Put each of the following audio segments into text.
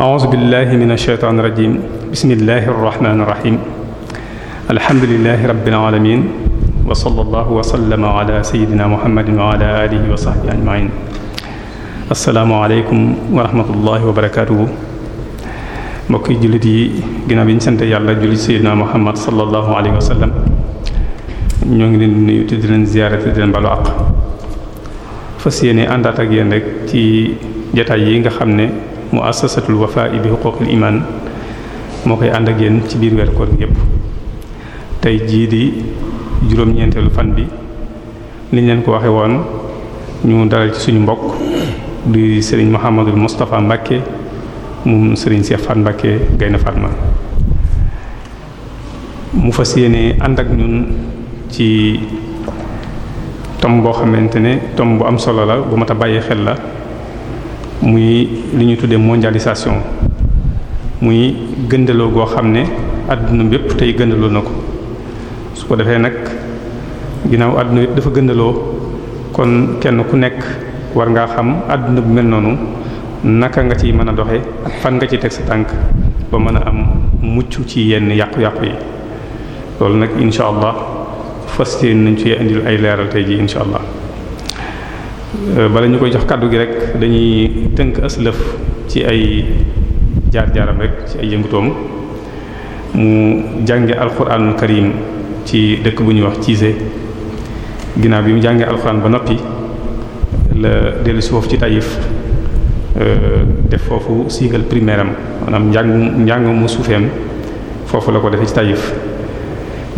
أعوذ بالله من الشيطان الرجيم بسم الله الرحمن الرحيم الحمد لله رب العالمين وصلى الله وسلم على سيدنا محمد وعلى آله وصحبه أجمعين السلام عليكم ورحمة الله وبركاته mbokki jullit yi ginnaaw bi ñu sant yàlla julli sayyidina muhammad sallallahu alayhi wa sallam ñoo ngi leen di nuyu te di leen ziyaare te di leen balu àq fas yéene àndaat ak yéen rek ci jataay yi nga xam ne muassasatul wafaa'i bi huquuqil iman moo koy ànd ak yéen ci biir weeru koor bi yépp tey jii di juróom-ñeenteelu fan bi liñ leen ko waxe woon ñu dalal ci suñu mbokk di sëriñ Muhammadul Moustapha Mbacke moom Serigne Cheikh Fall Mbacké Gaynde Fatma mu fa yéene ànd ak ñun ci tom boo xamante ne tom bu am solo la bu mat a bàyyi xel la muy li ñu tuddee mondialisation muy gëndaloo goo xam ne àdduna bépp tey gëndaloo na ko su ko defee nag ginnaaw àdduna yépp dafa gëndaloo kon kenn ku nekk war ngaa xam àdduna bu mel noonu naka nga ci mën a doxe fan nga ci teg sa tànk ba mën a am mucc ci yenn yàqu-yàqu yi loolu nag incha allah fas yéene nañ ci indil ay leeral tey ji incha allah euh, bala ñu koy jox kàddu gi rek dañuy tënk aslëf ci ay jaar-jaaram rek ci ay yëngutoom mu jànge alquranul karim ci dëkk bu ñuy wax Cissé ginnaaw bi mu jàngee alquran ba noppi la dellusi foofu ci Taïf Euh, def foofu siigal primaire am maanaam njàng njàng mu suufeem foofu la ko defe ci Taïf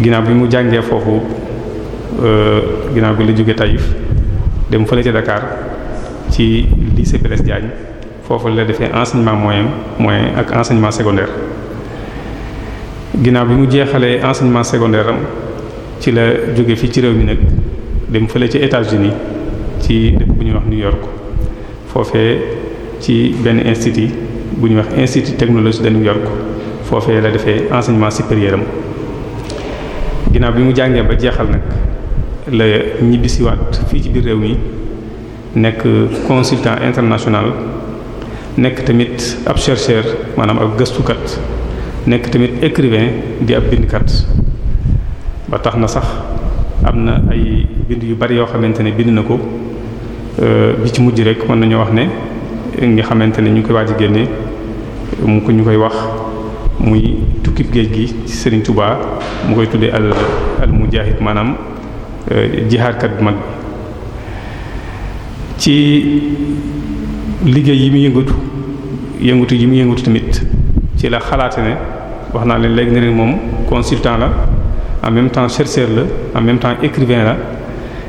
ginaaw bi mu jàngee foofu euh, ginnaaw bi la jóge Taïf dem fële ca Dakar ci lycée Blaise Diagne foofu la defee enseignement moyen moyen ak enseignement secondaire ginnaaw bi mu jeexalee enseignement secondaire am ci la jóge fi ci réew mi nag dem fële ci États-Unis ci dëkk bu ñuy wax New York foofee ci benn institut bu ñuy wax institut technologie de New York foofee la defee enseignement supérieur ginaaw bi mu jàngee ba jeexal nag la ñibbisiwaat fii ci biir réew mi nekk consultant international nekk tamit ab chercheur maanaam ab gëstukat nekk tamit écrivain di ab bindkat ba tax na sax am na ay bind yu bari yoo xamante ne bind na ko euh, bi ci mujj rek mën nañoo wax ne nga xamante ne ñu ngi koy waaj a mu ko ñu koy wax muy tukki géej gi ci Serigne Touba mu koy tuddee al al mujahid maanaam euh, jihaadkat bu mag ci liggéey yi mu yëngatu yëngatu yi mu yëngatu tamit ci la xalaate ne wax naa leen léegi ne leen moom consultant la en même temps chercheur la en même temps écrivain la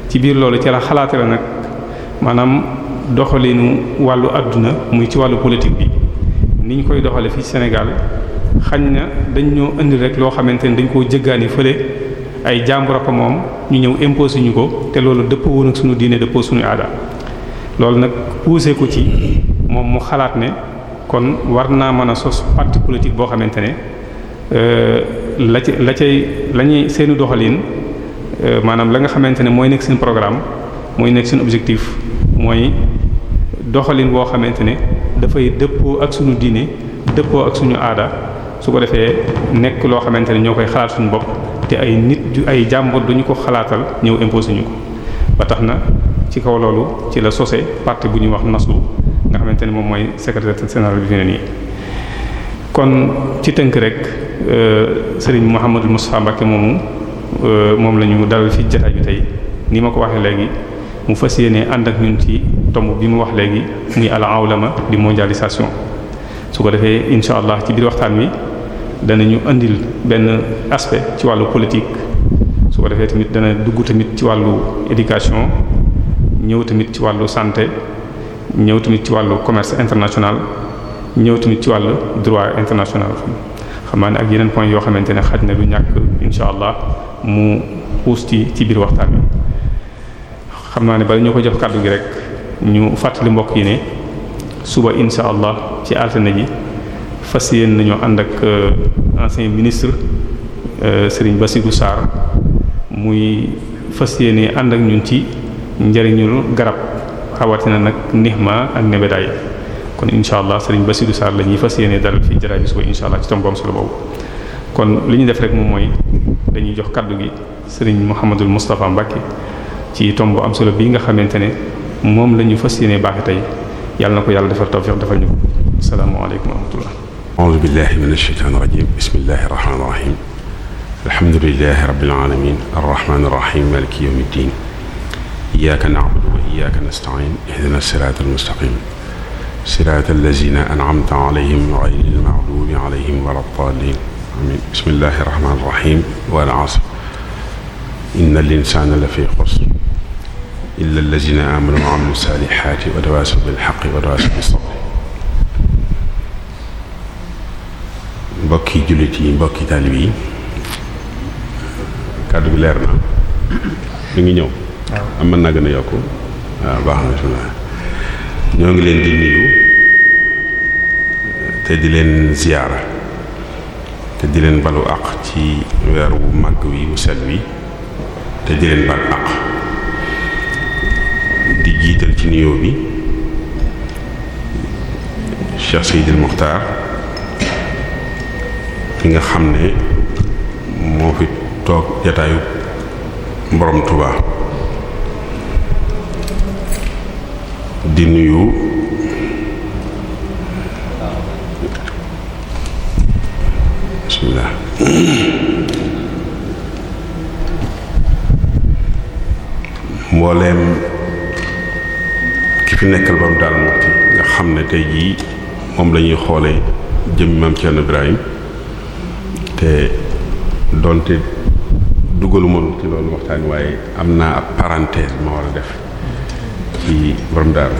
ci biir loolu ci la xalaate la nag maanaam doxalinu wàllu àdduna muy ci wàllu politique bi ni ñu koy doxale fii Sénégal xañ na dañ ñoo indi rek loo xamante ne dañ koo jëggaani fële ay jàmbur ko moom ñu ñëw imposé ñu ko te loolu dëppoo woon ak suñu diine dëppoo suñu aada loolu nag poussé ko ci moom mu xalaat ne kon war naa mën a sos parti politique boo xamante ne euh, la ci la cay la ñuy seeni doxalin euh, maanaam la nga xamante ne mooy nekk seen programme mooy nekk seen objectif mooy doxalin woo xamante ne dafay dëppoo ak suñu diine dëppoo ak suñu aada su ko defee nekk loo xamante ne ñoo koy xalaat suñu bopp te ay nit ay jàmbur duñu ko xalaatal ñëw imposé ñu ko ba tax na ci kaw loolu ci la sose parti bu ñuy wax naslu nga xamante ne moom mooy secrétaire général bi fi ne nii kon ci tënk rek euh, sëriñ Mouhamadou Moustapha Mbacké moomu euh, moom lañu ñu dalal fi jotaay bi tey ni ma ko waxee léegi mu fas yéene ànd ak ñun ci tomb bi mu wax léegi muy al awlama di mondialisation su ko defee incha allah ci biir waxtaan wi danañu indil benn aspect ci wàllu politique su ko defee tamit dana dugg tamit ci wàllu éducation ñëw tamit ci wàllu santé ñëw tamit ci wàllu commerce international ñëw tamit ci wàllu droit international xamaa naa ne ak yeneen point yoo xamante ni xaj na du ñàkk incha allah mu xuus ci ci biir waxtaan wi xam naa ni bala ñoo ko jox kàddu gi rek ñu fàttali mbokk yi ne suba insha allah ci altine ji fas yéen nañoo ànd ak euh, ancien ministre euh, Serigne Bassirou Sarr muy fas yéene ànd ak ñun ci njëriñul garab rawatina nag nihma ak nebedaay kon incha allah Serigne Bassirou Sarr la ñuy fas yéene dalal fii jaraay bi suba incha allah ci tomb am solo boobu. kon li ñu def rek moom mooy dañuy jox kàddu gi Serigne Mouhamadul Moustapha Mbacke. ci tomb am solo bii nga xamante ne moom la ñu fas yéene baax tey yàlla na ko yàlla defal tawfiq defal ñu ko asalaamaaleykum wa rahmatullah a'uuzu billahi mina shaytaani rajiim bismillahi rahmaani rahiim alhamdulillahi rabbil aalamiin arrahmaani arrahiim maaliki yawmi ddiin iyyaaka na'budu wa iyyaaka nasta'iin ihdina siraatal mustaqiim siraatal laziina an'amta alayhim ghayril maghduubi alayhim walad daalliin amiin bismillahi rahmaani rahiim wal 'asr inna al insaana la fii xusr la allazina amanu wa amilu salihati wa tawasaw bil haqqi wa tawasaw bis sabr mbokki jullit yi mbokki taalib yi kàddu bi leer na mi ngi ñëw am mën naa gën a yokk waaw baax na su ñoo ngi leen di nuyu te di leen ziyaara te di leen balu àq ci weer wu màgg wi wu set wi te di leen bal àq di jiital ci nuyoo bi Cheikh Seydil Muxtaar ki nga xam ne moo fi toog jataayu borom Tuubaa di nuyu bismillah mbooleem fi nekkal ba mu daal moxti nga xam ne tey jii moom lañuy xoole xoolee jëmmi maam Thierno Ibrahim te donte dugaluma ci loolu waxtaan waaye am naa ab parenthèse ma war a def ci borom daal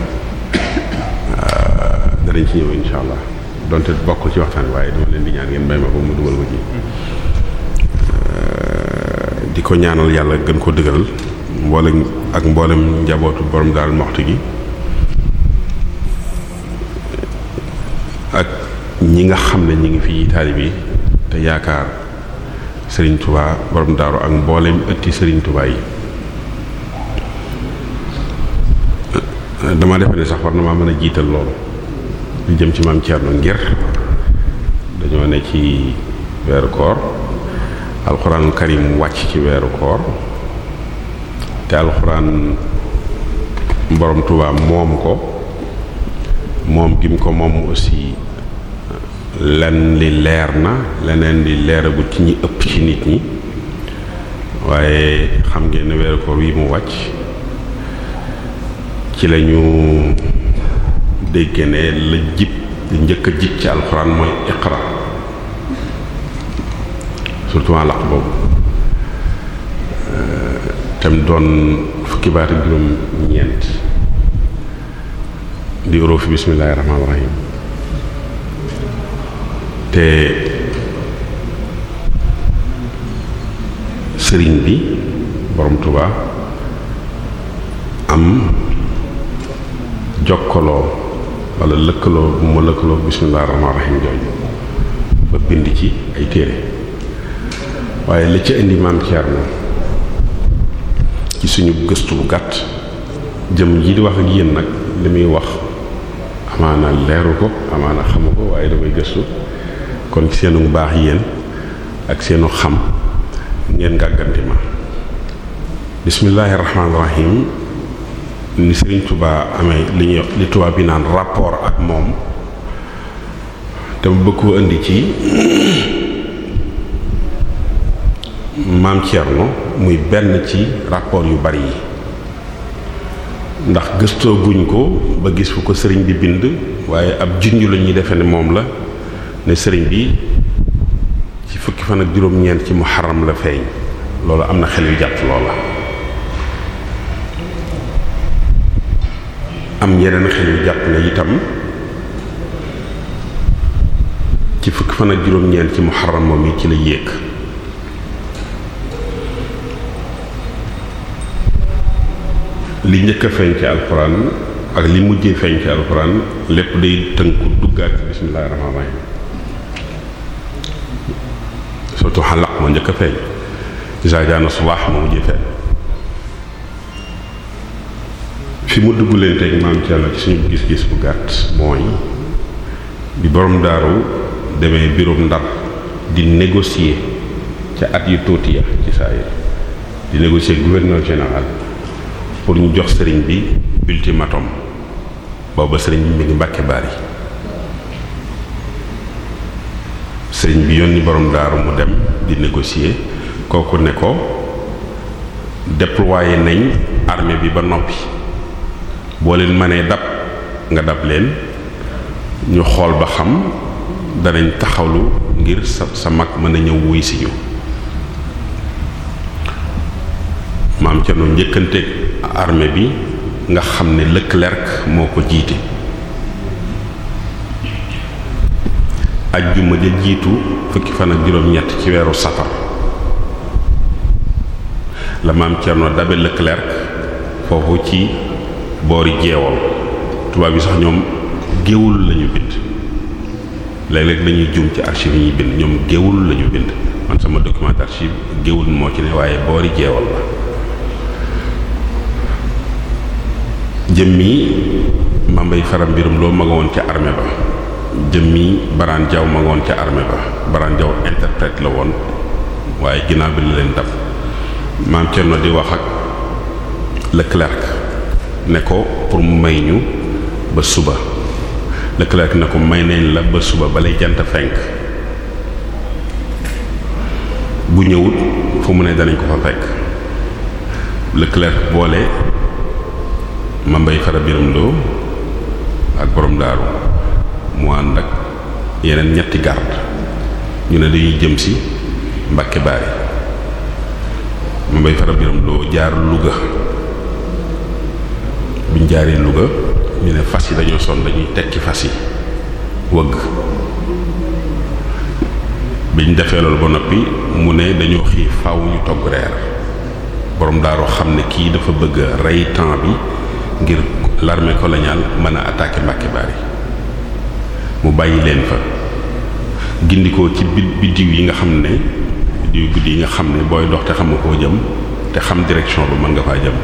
ah, danañ ci ñëw insha allah donte bokkul ci waxtaan waaye dama leen di ñaan ngeen may ma ko mu dugal ko ci ah, di ko ñaanal yàlla gën ko dëgëral mboolem ak mboolem njabootu borom daal moxti gi ñi nga xam ne ñi ngi fi taalib bi te yaakaar sëriñ tubaa borom daaru ak mboolem ëtti sëriñ tubaa yi dama defe ne sax war na maa mën a jiital loolu lu jëm ci maam Thierno ngir dañoo ne ci weeru koor alxuraanul karim wàcc ci weeru koor te alxuraan borom tubaa moom ko moom gi mu ko moom aussi lenn li leer na leneen li leeragul ci ñi ëpp ci nit ñi waaye xam ngeen ne weeru mu wàcc ci lañu dégg ne la jib li njëkk a jib ci alxuraan mooy iqra surtout laq boobu euh, tam doon fukki baat ak juróom ñeent di uroo bismillaahi rahmaani rahim te sëriñ bi borom tubaa am jokkaloo walla lëkkaloo bu ma lëkkaloo bismillahir rahmanir rahim jooju ba bind ci ay téere waaye li ci indi maam Thierno ci suñu gëstu bu gàtt jëm yi di wax ak yéen nag li muy wax amaana leeru ko amaana xamu ko waaye damay gëstu kon seenu baax yéen ak seenu xam ngeen gàgganti ma bismillaahi rahmaani rahim ni Serigne Touba amee li ñuy li Touba bi naan rapport ak moom te mu bëgg koo indi ci maam Thierno muy benn ci rapport yu bari yi ndax gëstoo ko ba gis ko sëriñ bi bind waaye ab junj la ñuy defe ne moom la ne sëriñ bi ci fukki fan ak juróom-ñeent ci muharram la feeñ loolu am na xel yu jàpp loola am ñeneen xel yu jàpp ne itam ci fukki fan ak juróom-ñeent ci muharram moom yi ci la yéeg li njëkk a feeñ ci alxuraan ak li mujjee feeñ ci alxuraan lépp day tënku duggaat ci bismillaahi rahmaani rahim surtout xalaq moo njëkk a feeñ isa jaana subaax moo mujjee feeñ fi mu dugg leen teg maam ci yàlla ci suñu gis-gis bu gàtt mooy bi borom daaru demee birum ndar di négocier ca at yi tuuti ya ci saa yi di négocier gouverneur général pour ñu jox sëriñ bi ultimatum booba sëriñ bi mu ngi mbàkke baar yi sëriñ bi yónni borom daaru mu dem di négocier kooku ne ko déployé nañ armée bi ba noppi boo leen mënee dab nga dab leen ñu xool ba xam danañ taxawlu ngir sa sa mag mën a ñëw wuy si ñu maam ca nu njëkkanteeg armée bi nga xam ne Leclerc moo ko jiite ajjuma ja jiitu fukki fan ak juróom-ñett ci weeru safar la maam Cerno Dabé Leclerc foofu ci boori jeewal tubaab yi sax ñoom géewul lañu bind léeg-léeg dañuy jum ci archive yi ñuy bind ñoom géewul lañu bind man sama document archive géewul moo ci ne waaye boori jeewal la jëmmi mambay faram mbirum loo maga woon ca armée ba jëmmi Baraan Jaw ma ngoon ca armée ba Baraan Jaw interprète la woon waaye ginnaaw bi la leen dab maam Cerno di wax ak Leclerc ne ko pour mu may ñu ba suba Leclerc ne ko may nañ la ba suba balay jant fenk bu ñëwut fu mu ne danañ ko fa fekk Leclerc boole ma mbay fara biram loo ak borom daaru mu ànd ak yeneen ñetti garde ñu ne dañuy jëm si Mbàkke Baari ma bay faram yaram loo jaar Louga biñ jaaree Louga ñu ne fas yi dañoo sonn dañuy tekki fas yi wëgg biñ defee loolu ba noppi mu ne dañoo xiif faw ñu togg reer borom daaru xam ne kii dafa bëgg rey temps bi ngir l'armée coloniale mën a attaquer Mbàkke Baari mu bàyyi leen fa gindikoo ci bi biddiw yi nga xam ne diw guddi yi nga xam ne booy dox te xamu koo jëm te xam direction lu mën nga faa jëm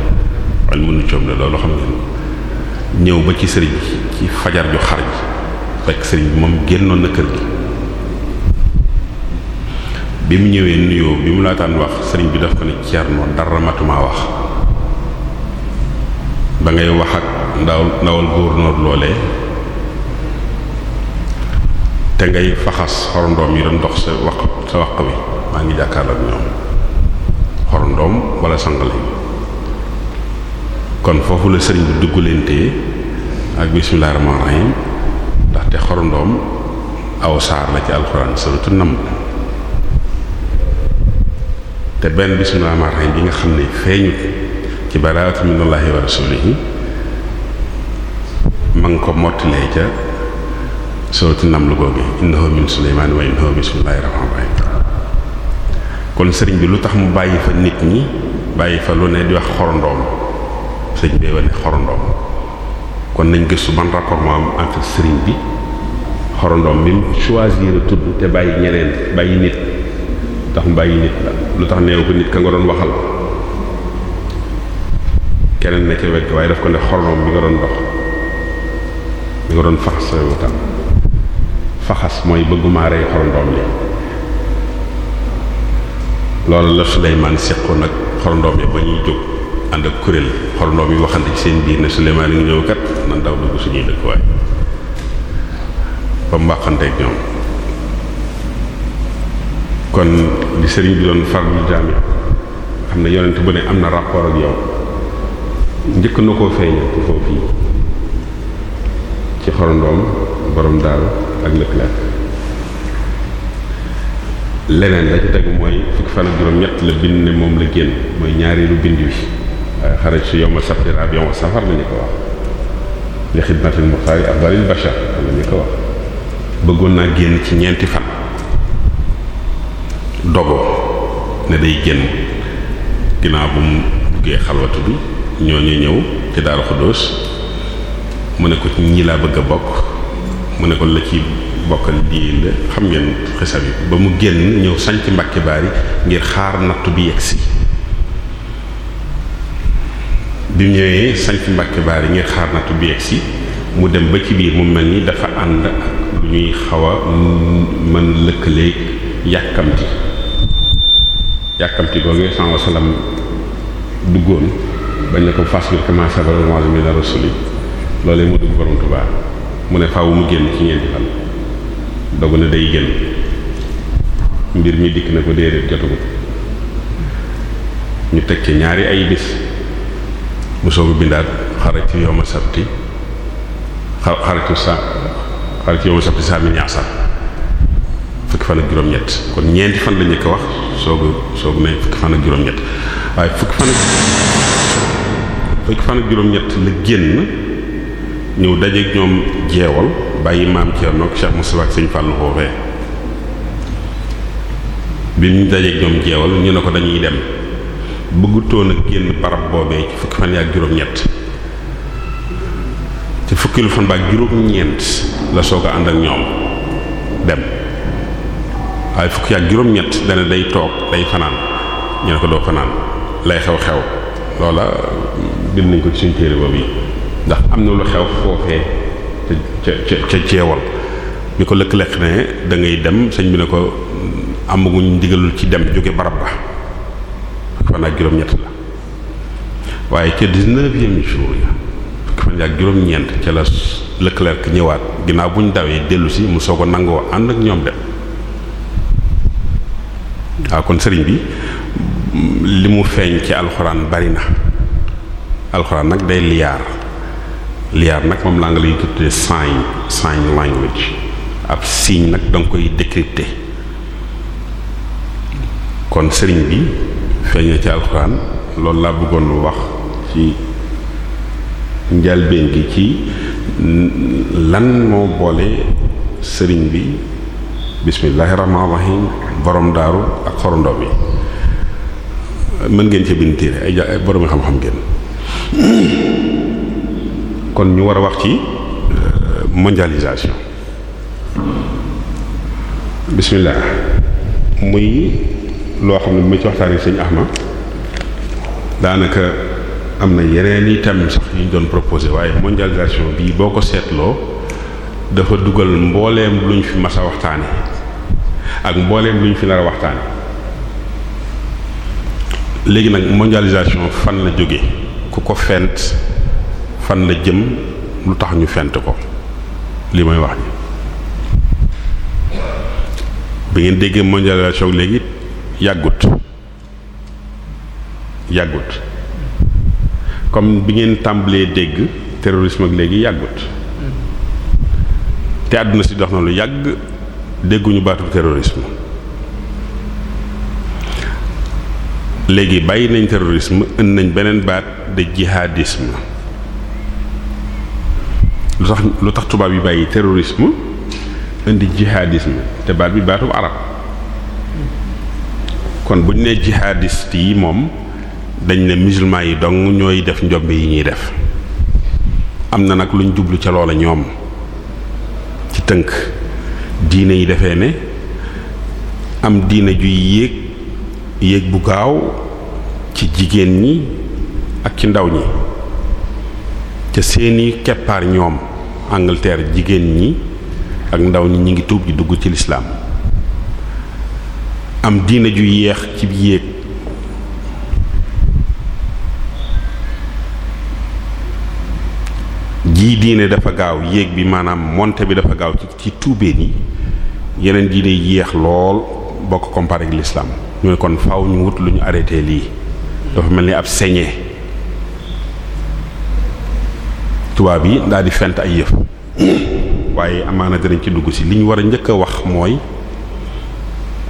wala mënu coom ne loolu xam ngeen ñëw ba ci sëriñ ci fajar ju xar ji fekk sëriñ bi moom génnoon na kër gi bi mu ñëwee nuyoo bi mu laataan wax sëriñ bi daf ko ne Thierno dara matumaa wax ba ngay wax ak ndaw ndawal gouverneur loolee te ngay faxas xorondoom yi doon dox sa wax sa wax wi maa ngi jàkkaarloog ñoom xorondoom wala sangale kon foofu la sëriñ bi duggalantee ak bismillahir rahmanir rahim ndaxte xorondoom aw saar la ci alxuraan suratu te benn bismillahir rahmanir rahim bi nga xam ne feeñu ci baraatu minallahi wa rasulihi ma ngi ko mottilee ca sooratu Naml googu innahu min Suleymaan wa innahu bismillaahi rahmaani rahiim kon sëriñ bi lu tax mu bàyyi fa nit ñi bàyyi fa lu ne di wax xorondoom sëriñ bee wane kon nañ gëstu ban rapport moo bi xorondoom bi mu choisir tudd te bàyyi ñeneen bàyyi nit tax mu bàyyi nit la lu tax neewu ko nit ka nga doon waxal keneen na ca wet waaye daf ko ne xorondoom bi nga doon dox bi nga doon fax sa faxas mooy bëgguma rey xorondoom li loolu la Suleymaan seqoon ak xorondoom yi ba ñuy jóg ànd ak kuréel xorondoom yi waxante ci seen biir ne Suleymaan ngi ñëw kat nan daw dugg suñuy dëkkuwaay ba mu waxanteeg ñoom kon li sëriñ bi doon farlu jaami xam ne yonent bu ne am na rapport ak yow njëkk na koo feeñal foofu yi ci xorondoom borom daal ak Leclerc leneen la ci mooy fukki fan ak juróom-ñett la bind ne moom la génn mooy ñaareelu bind wi waaye xaraj si yow ma sabti rabion wa safar la ñu ko wax li xidmatil muxtaari afdalil bashar la ñu bëggoon naa génn ci ñeenti fan dogoo ne day génn ginnaaw bu mu duggee xalwatu bi ñoo ñu ñëw ci Daaru Xuddoos mu ne ko ñi laa bëgg a bokk mu ne kon la ci bokkal diin la xam ngeen xisa bi ba mu génn ñëw sanc mbakki baari ngir xaar nattu bi yegsi bi mu ñëwee sanc mbakki baari ngir xaar nattu bi yegsi mu dem ba ci biir mu mel ni dafa ànd ak lu ñuy xaw a mën lëkkaleeg yàkkamti yàkkamti googu sallallahu alayhi wasallam duggoon bañ ne ko fas bir commencé bala mange mi la rasuli loolee mu dugg borom Tuubaa mu ne faw mu génn ci ñeenti fan dogu na day génn mbir mi dikk na ko déedéet jotagut ñu teg ci ñaari ay bis mu soog a bindaat xaratu yawma sabti xaratu sa xaratu yawma sabti saa mi ñaasa fukki fan ak juróom-ñett kon ñeenti fan la njëkk wax soogu a soog ne fukki fan ak juróom-ñett waaye fukki fan ak fukki fan ak juróom-ñett la génn. ñëw dajeeg ñoom jeewal bàyyi maam Thierno ak Cheikh Moustapha ak sëñ Fallou foofee bi ñu dajeeg ñoom jeewal ñu ne ko dañuy dem bëggutoon ak génn barab boobee ci fukki fan yi ak juróom-ñett ci fukki lu fan ba juróom-ñeent la soog a ànd ak ñoom dem waaye fukki ak juróom-ñett dana day toog day fanaan ñu ne ko doo fanaan lay xew xew loola bind nañ ko ci suñ téere boobu yi ndax am na lu xew foofee ca ca ca ceewal bi ko lëkk-lëkk ne da dem sëñ bi ne ko mm, amaguñ ndigalul ci dem jóge barab ba fukki fan ak juróom-ñett la waaye ca dix-neuvième jour ya fukki ñëwaat ginnaaw bu ñu dawee dellusi mu soog a nangoo ànd ak ñoom dem waaw kon sëriñ bi mm, li mu feeñ ci alxuraan bari na alxuraan nag day liyaar liyaar nag moom laa nga lay tuddee sign sign language ab signe nag da nga koy décrypter kon sëriñ bi feeñee ci alxuraan loolu laa bëggoon wax ci njalbeen gi ci lan moo boole sëriñ bi bismillahi rahmaani rahim borom daaru ak xorondoo bi mën ngeen ci bind téere ay borom xam-xam ngeen kon ñu war a wax ci euh, mondialisation bismillah muy loo xam ne bu ma ci waxtaanee sëñ Ahmad daanaka am na yeneen i thèmes sax yu ñu doon proposé waaye mondialisation bii boo ko seetloo dafa dugal mbooleem lu ñu fi mas a waxtaane ak mbooleem lu ñu fi nar a waxtaane léegi nag mondialisation fan la jóge ku ko fent fan la jëm lu tax ñu fent ko li may wax ni bi ngeen déggee mondialisation léegi yàggut yàggut comme bi ngeen tàmbalee dégg terrorisme ak léegi yàggut te àdduna si dox na lu yàgg dégguñu baatu terrorisme léegi bàyyi nañ terrorisme indi nañ beneen baat de jihadisme lu tax lu tax tubaab yi bàyyi terrorisme indi jihadisme te baat bi baatub arab kon bu ñu nee jihadiste yi moom dañ ne musulman yi dong ñooy def njombe yi ñuy def am na nag luñ jublu ca loola ñoom ci tënk diine yi defee ne am diine juy yéeg yéeg bu gaaw ci jigéen ñi ak ci ndaw ñi ca seeni keppaar ñoom Angleterre jigéen ñi ak ndaw ñi ñi ngi tuub ji dugg ci lislaam am diine ju yéex ci yéeg jii diine dafa gaaw yéeg bi maanaam monte bi dafa gaaw ci ci tuubeen yi yeneen diine yéex lool bokk comparé ak lislaam ñu ne kon faw ñu wut lu ñu arrêté lii dafa mel ni ab señe tubaab yi daal di fent ay yëf waaye amaana dinañ ci dugg si li ñu war a njëkk a wax mooy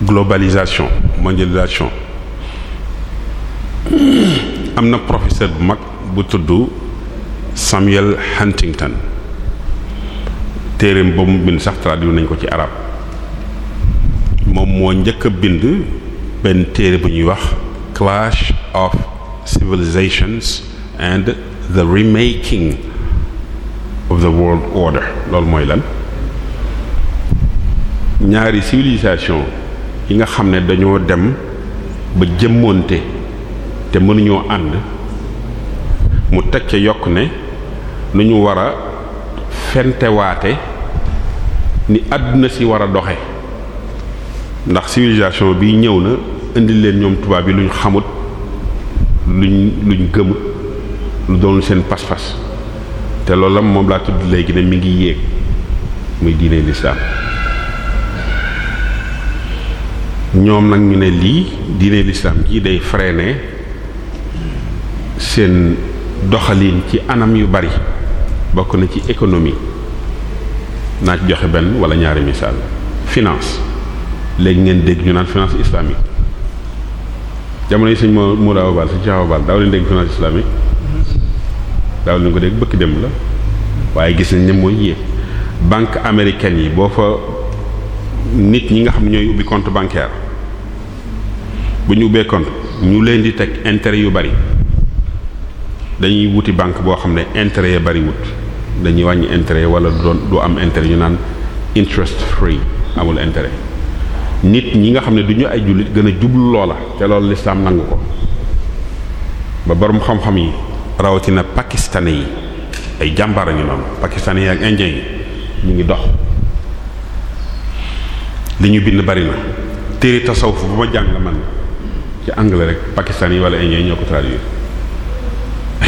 globalisation mondialisation am na professeur bu mag bu tudd Samuel Huntington téere ba bind sax traduit nañ ko ci arab moom moo njëkk a bind benn téere bu ñuy wax clash of civilizations and the remaking of the loolu mooy lan ñaari civilisation yi nga xam ne dañoo dem ba jëmmoonte te mënuñoo ànd mu teg ca yokk ne nu ñu war a fentewaate ni àdduna si war a doxe ndax civilisation bi ñëw na indi leen ñoom tubaab yi luñ xamut luñ gëm lu doon seen pas-pas te loolu la moom laa tudd léegi ne mi ngi yéeg muy diine lislaam ñoom nag ñu ne lii diine lislaam ji day freiné seen doxalin ci anam yu bari bokk na ci économie naa joxe benn wala ñaari misaal finance léegi ngeen dégg ñu naan finance islamique jamono yi sëñ moo mu daaw baal sëñ ci baal daaw leen dégg finance islamique daaw ñu ko dégg bëkk dem la waaye gis nañ ne mooy yéeg banque américaine yi boo fa nit ñi nga xam ne ñooy ubbi compte bancaire bu ñu ubbee compte ñu leen di teg intérêt yu bari dañuy wuti banque boo xam ne intérêt ya bari dañuy wàññi intérêt wala du du am intérêt ñu naan interest free amul intérêt nit ñi nga xam ne du ñu ay jullit gën a jublu loola te loolu lislaam nangu ko ba borom xam-xam yi rawatina pakistanais yi ay jàmbaar ñu noonu pakistanais yi ak indien yi ñu ngi dox li ñu bind bari na téere tasawuf bu ma jàng man ci anglais rek pakistanais yi wala indien yi ñoo ko traduire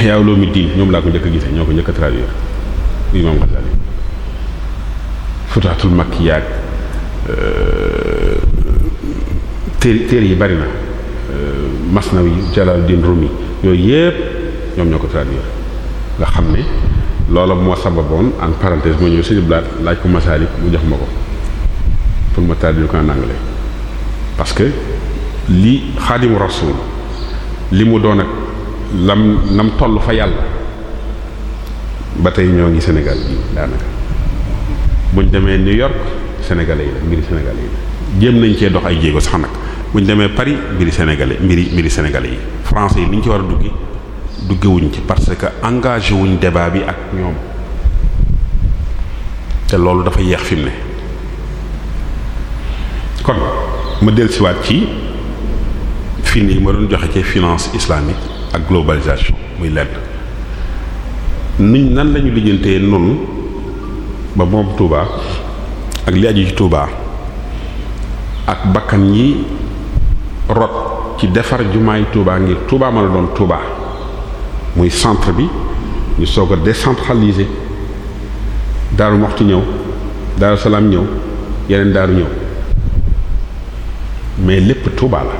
yaaw loomi diin ñoom laa ko njëkk a ñoo ko njëkk a traduire imam Ghazali futaatul makki yaag euh, téere téere yi bari na euh, masnawi Jalaluddin Rumi yooyu yépp ñoom ñoo ko traduire nga xam ne loola moo sababoon en parenthèse ma ñëw sëñ blaat laaj ko masaalik mu jox ma ko pour ma traduire ko en anglais parce que li xaadimu rasul li mu doon ak lam nam toll fa yàlla ba tey ñoo ngi Sénégal bi daanaka buñ demee New York sénégalais yi la mbiri sénégalais yi la jéem nañ cee dox ay jéego sax nag buñ demee Paris mbiri sénégalais mbiri mbiri sénégalais yi français yi ni ñu ci war a duggi duggewuñ ci parce que engagé wuñ débat bi ak ñoom te loolu dafa yeex fi ne kon ma dellusiwaat ci fin yi ma doon joxe ci finance islamique ak globalisation muy lenn niñ nan lañu lijjantee noonu ba moom Touba ak li aju ci Touba ak bakkan yi rot ci defar jumaay Touba ngir Touba mën a doon Touba muy centre bi ñu soog a décentraliser daaru moxti ñëw daaru salaam ñëw yeneen daaru ñëw mais lépp Touba la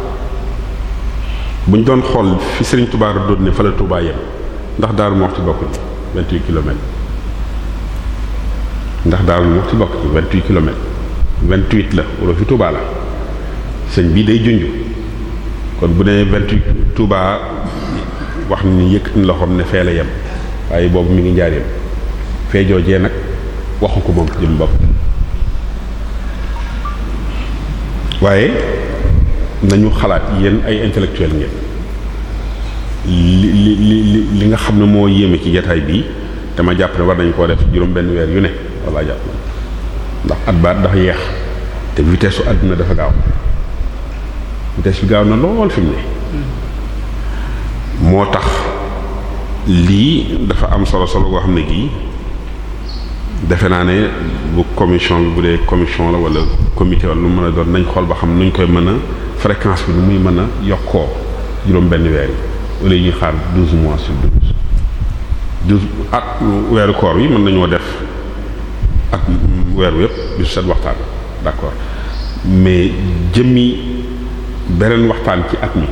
bu ñu doon xool fi Serigne Touba doon ne fa la Touba yem ndax daaru moxti bokk ci vingt-huit ndax daaru moxti bokk ci vingt-huit kilomètres vingt-huit la wala fi la sëñ bii day junj kon bu nee vingt Touba. wax xam ne yëkkati na loxoom ne fee la yem waaye boobu mu ngi njaareem fee joojee nag waxu ko moom jëm bopp waaye nañu xalaat yenn ay intellectuel ngeen li li li li nga xam ne moo yéeme ci jataay bii dama jàpp ne war nañu koo def juróom benn weer yu ne walla jàpp na ndax at baat dafa yeex te vitesse su àdduna dafa gaaw vitesse bi gaaw na lool fi ne moo tax lii dafa am solo solo goo xam ne gii defe naa ne bu commission bi bu dee commission la wala comité wala lu mën a doon nañ xool ba xam nuñ koy mën a fréquence bi nu muy mën a yokkoo juróom benn weer yi wala ñuy xaar douze mois sur douze douze at weeru koor yi mën nañoo def ak weer wi yëpp bisu set waxtaan d'accord mais jëmmi beneen waxtaan ci at mi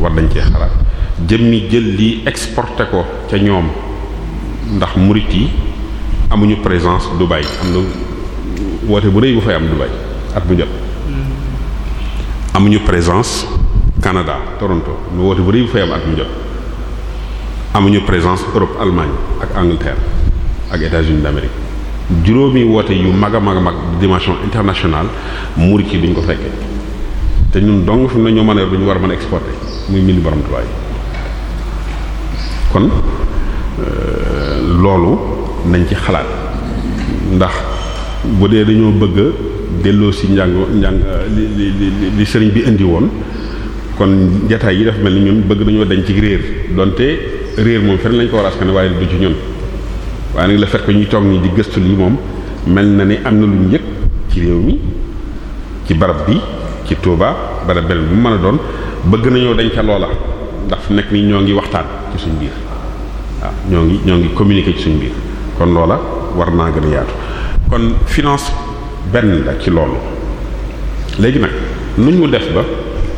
war dañ cee xalaat jëmmi jël lii exporté ko ca ñoom ndax murit yi amuñu présence Dubaï am na woote bu rëy bu fay am Dubaï at bu amuñu présence Canada Toronto nu woote bu rëy bu fay am at bu jot amuñu présence Europe Allemagne ak Angleterre ak États-Unis d'Amérique juróomi woote yu mag a mag a mag dimension internationale murit yi duñ ko fekkee te ñun dong fi mu ne ñoo mën a yor duñu war a mën a exporter muy mbind borom Tuubaa kon euh, loolu nañ ci xalaat ndax bu dee dañoo bëgg delloo si njàng njàng li li li sëriñ bi indi woon kon jataay yi dafa mel ni ñun bëgg dañoo dañ ci réer donte réer moom feneen lañ ko war a askan waaye du ci ñun waaye nag la fekk ñu toog nii di gëstu lii moom mel na ni am na lu ñu ci réew mi ci barab bi ci Touba barab benn bu mën a doon bëgg nañoo dañ ca loola ndax fi nekk nii ñoo ngi waxtaan ci suñ biir waaw ñoo ngi ñoo ngi communiquer ci suñ biir kon loola war naa gën a yaatu kon finance benn la ci loolu léegi nag nuñ mu def ba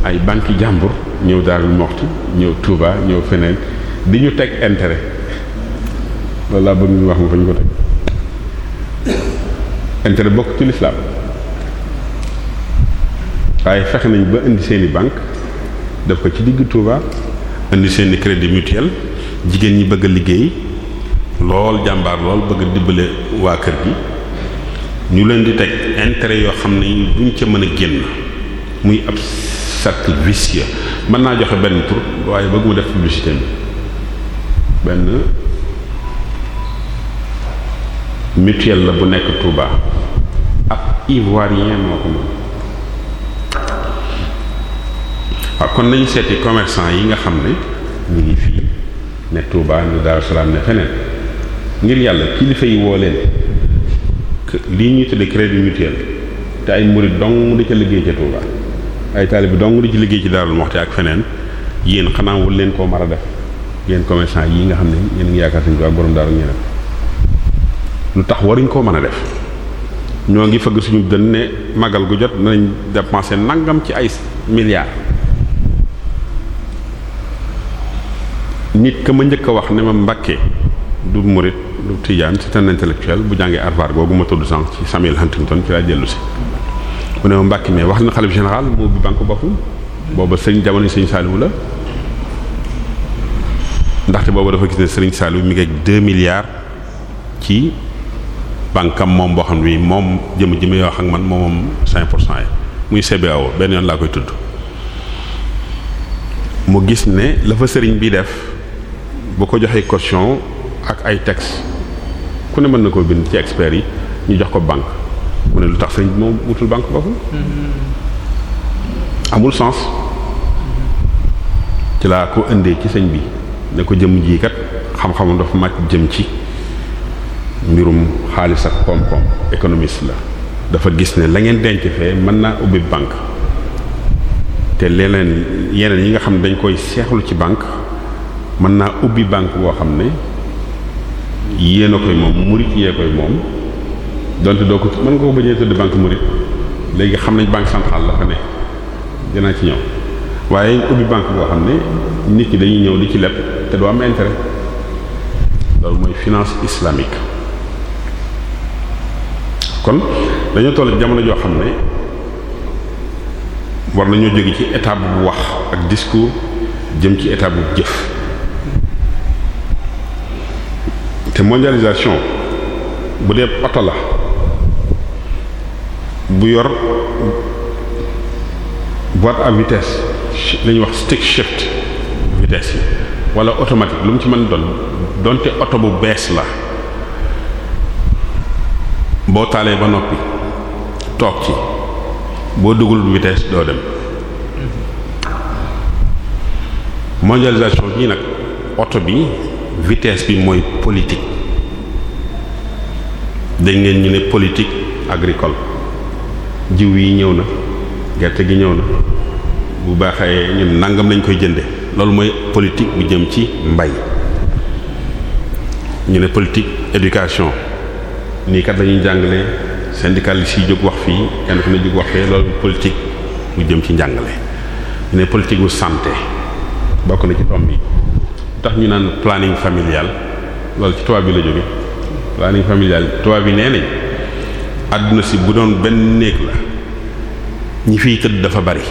ay banque jàmbur ñëw Darou Moukhty ñëw Touba ñëw feneen di ñu teg intérêt loolu laa bëgg ñu wax ma fa ñu ko teg intérêt bokk ci lislaam waaye fexe nañ ba indi seeni banque def ko ci digg Touba indi seeni crédit mutuel jigéen ñi bëgg a liggéey lool jàmbaar lool bëgg a dibbale waa kër gi ñu leen di teg intere yoo xam ne duñ ca mën a génn muy ab cercle vicieux mën naa joxe benn tur waaye bëgguma def publicité bi benn mutuel la bu nekk Touba ab ivoirien moo ko moom waaw kon nañu seeti commerçant yi nga xam ne ñu fii ne Touba ne Darou feneen ngir yàlla kilifa yi woo leen lii ñu tudde crédit mutuel te ay murid dong di ca liggéey ca Touba ay taalibe dong di ci liggéey ci Darou Moukhty ak feneen yéen xanaawul leen koo mar a def yéen commerçant yi nga xam ne yéen ngi yaakaar suñ ko ak borom daaru ñeneen lu tax waruñ koo mën a def ñoo ngi fëgg suñu dënn ne magal gu jot nañ dépensé nangam ci ay milliards nit ka ma njëkk a wax ne ma Mbàkke du murit du tijaan c'est un intellectuel bu jàngee Harvard googu ma tudd sànq ci Samuel Huntington ci laa jëllu si mu ne ma Mbàkke mais wax na xalif général moo bi banque boppam booba sëñ jamono sëñ Saliou la ndaxte booba dafa gis ne sëriñ Saliou mi ngi ak deux milliards ci bankam moom boo xam ne moom jëm jëme yoo xam man moomoom cinq pour muy CBAO benn yoon laa koy tudd mu gis ne lafa sëriñ bi def boo ko joxee caution ak ay texte ku ne mën na koo bind ci experts yi ñu jox ko banque mu ne lu tax sëñ moom wutul banque boobu mm-hmm. amul sens ci laa ko indee ci sëñ bi ne ko jëm jii kat xam-xamam dafa màcc jëm ci mbirum xaalis ak koom-koom économiste la dafa gis ne la ngeen denc fee mën naa ubbi banque te leneen yeneen yi nga xam ne dañ koy seexlu ci banque mën naa ubbi banque boo xam ne yéen a koy moom murit yee koy moom donte doo ko mën nga ko bañee tudd banque murit léegi xam nañ banque centrale la fa ne dinaa ci ñëw waaye ubbi banque boo xam ne nit ñi dañuy ñëw di ci leb te du am intérêt loolu mooy finance islamique kon dañoo toll jamono joo xam ne war nañoo jóge ci étape bu wax ak discours jëm ci étape bu jëf te mondialisation bu dee oto la bu yor boîte à vitesse lañuy wax stick shift vitesse yi wala automatique lu mu ci mën doon donte oto bu bees la boo taalee ba noppi toog ci boo duggul vitesse doo dem mondialisation ñi nag oto bi vitesse bi mooy politique dañ ngeen ñu ne politique agricole jiw yi ñëw na gerte gi ñëw na bu baaxee ñun nangam lañ koy jënde loolu mooy politique bu jëm ci mbay ñu ne politique éducation nii kat lañuy jàngale syndicaliste yi jóg wax fii kenn ku ne jóg wax fee loolu politique bu jëm ci njàngale ñu ne politique bu santé bokk na ci tomb yi tax ñu naan planning familial loolu ci tubaab bi la jóge planning familial tubaab bi nee nañ àdduna si bu doon benn néeg la ñi fiy tëdd dafa bari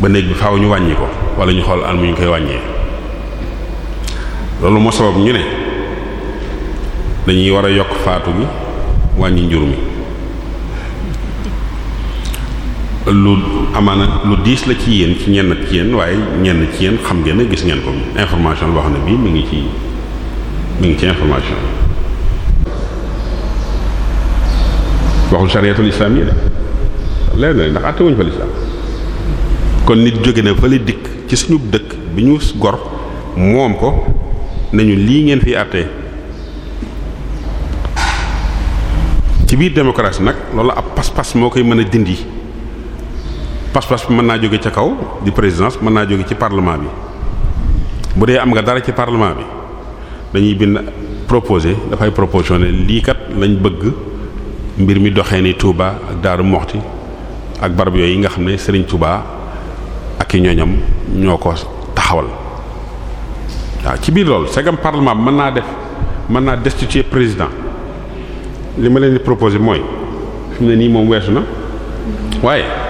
ba néeg bi faaw ñu wàññiko ko wala ñu xool an mu koy wàññee loolu moo sabab ñu ne dañuy war a yokk faatu bi wàññi njur mi lu amaana lu diis la ci yéen ci ñenn ci yéen waaye ñenn ci yéen xam ngeen ne gis ngeen ko information boo xam ne bii mi ngi ci mi ngi ci information waxul sariyatul islam yi de leer na ndax àtte wuñ fa lislaam kon nit jóge na fële dikk ci suñu dëkk bi ñu gor moom ko nañu lii ngeen fi àtte ci biir démocratie nag loolu ab pas-pas moo koy mën a dindi pas-pas bi mën naa jóge ca kaw di présidence mën naa jóge ci parlement bi bu dee am nga dara ci parlement bi dañuy bind proposé dafay proposition ne lii kat lañ bëgg mbir mi doxee ni Touba ak Daaru Moxti ak barab yooyu yi nga xam ne Serigne Touba ak i ñoñam ñoo ko taxawal waaw ci biir loolu segam parlement bi mën naa def mën naa des ci président li ma leen di proposé mooy mu ne nii moom weesu na waaye.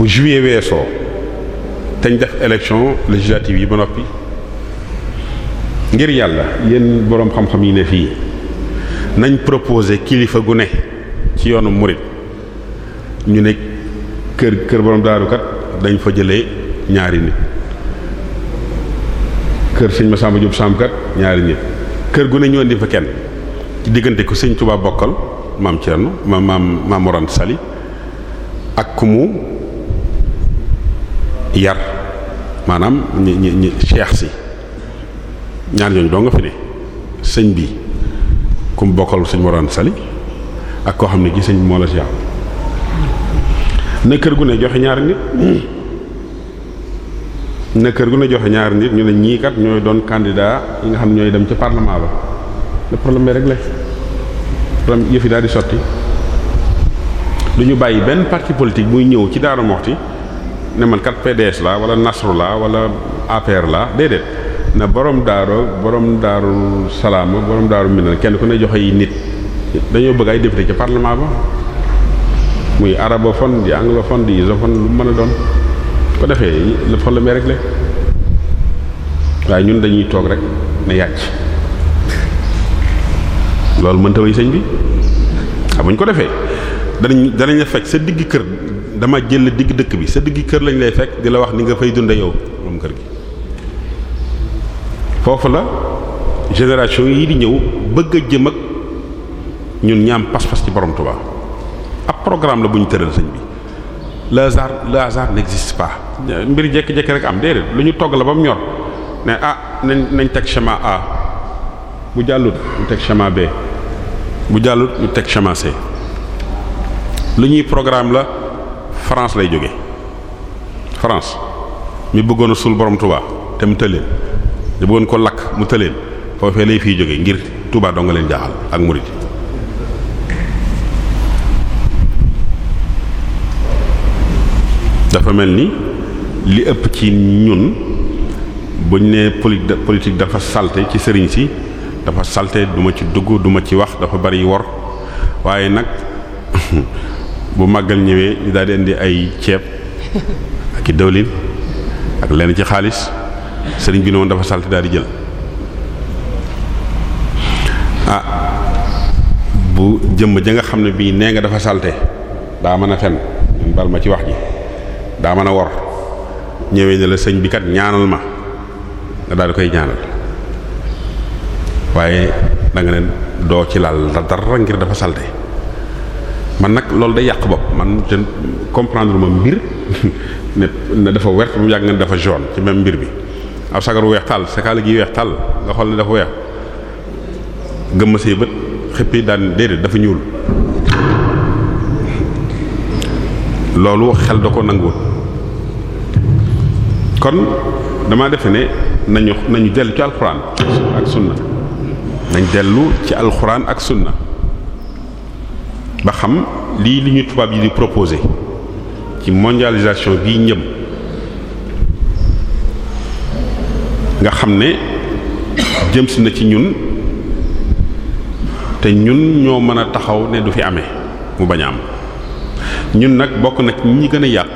bu juillet weesoo dañ def élection législative yi ba noppi ngir yàlla yéen boroom xam-xam yi ne fii nañ proposer kilifa gu ne ci yoonu murid ñu ne kër kër boroom daaru kat dañ fa jële ñaari nit kër sëñ Massamba Diop Samb kat ñaari nit kër gu ne ñu indi fa kenn diggante ko sëñ Touba bokkal maam Thierno maam maam maam Morane Sali ak ku mu yar maanaam ñi ñi ñi cheikh si ñaar ñooñu doo nga fi ne sëñ bi ku mu bokkal sëñ Mor Anta Sali ak koo xam ne gis sëñ moo la si na kër gu ne joxe ñaari nit na kër gu ne joxe ñaari nit ñu ne ñii kat ñooy doon candidat yi nga xam ne ñooy dem ca parlement la le problème bi réglé problème yëf yi daal di sotti du ñu bàyyi benn parti politique muy ñëw ci Darou Moukhty ne man kat PDS la wala Nasru la wala APR la déedéet na borom daaroo boroom daaru salaama borom daaru minal kenn ku ne joxe yi nit dañoo bëgg ay député ci parlement ba muy arabophone di anglophone di isophone lu mën a doon ko defee le la rek la waaye ñun dañuy toog rek ne yàcc loolu mënta way sëñ bi waaw ah, bu ñu ko defee danañ danañ la fekk sa digg kër dama jël digg dëkk bi sa digg kër lañ lay fekk di la wax ni nga fay dundee yow moom kër gi foofu la génération yi di ñëw bëgg a jëm ak ñun ñaam pas-pas ci borom Tuubaa ab programme la bu ñu tëral sëñ bi le hasard le hasard n'existe pas mbir jékki-jékki rek am déedéet lu ñu togg la ba mu ñor ne ah nañ nañ teg chemin A bu jàllut ñu teg chemin B bu jàllut ñu teg chemin C lu ñuy programme la. France lay jóge France mi bëggoon suul borom tubaa te mu tëleen ñu bëggoon ko lakk mu tëleen foofee lay fiy jóge ngir tubaa doo nga leen jaaxal ak murid dafa mel ni li ëpp ci ñun buñ ne poli politique dafa salte ci sëriñ si dafa salte duma ci dugg duma ci wax dafa bari wor waaye nag bu màggal ñëwee ñu daal di indi ay ceeb ak i dëwlin ak lenn ci xaalis sëriñ bi noonu dafa salte daal di jël ah bu jëmm ja nga xam ne bii nee nga dafa salte daa mën a fen bal ma ci wax ji daa mën a wor ñëwee ne la sëñ bi kat ñaanal ma nga daal di koy ñaanal waaye da nga ne doo ci lal dara ngir dafa salte man nag loolu day yàq bopp man te comprendre ma mbir ne ne dafa wert mu yàgg nga dafa jaune ci même mbir bi ab sagaru weex tàll sa gi weex tàll nga xool ne dafa weex gëmma say bët dafa ñuul loolu xel da ko nanguwul kon damaa defe ne nañu nañu dellu ci alxuraan ak sunna nañ dellu ci alxuraan ak sunna ba xam lii li ñu tubaab yi di proposé ci mondialisation bii njëm nga xam ne jëm si na ci ñun te ñun ñoo mën a taxaw ne du fi amee mu bañ am ñun nag bokk nag ñi gën a yàq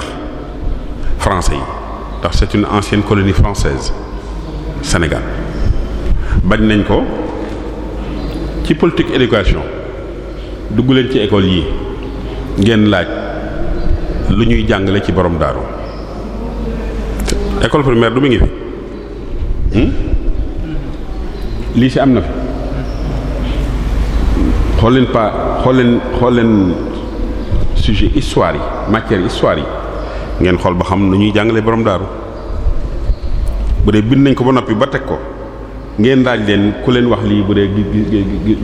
français yi ndax c'est une ancienne colonie française senegal bañ nañ ko ci politique éducation dugg leen ci école yi ngeen laaj lu ñuy jàngale ci borom daaru école primaire du mu ngi fi hmm? lii si am na fi xool leen pa xool leen xool leen sujet histoire yi matière histoire yi ngeen xool ba xam lu ñuy jàngale borom daaru bu dee bind nañ ko ba noppi ba teg ko ngeen laaj leen ku leen wax lii bu dee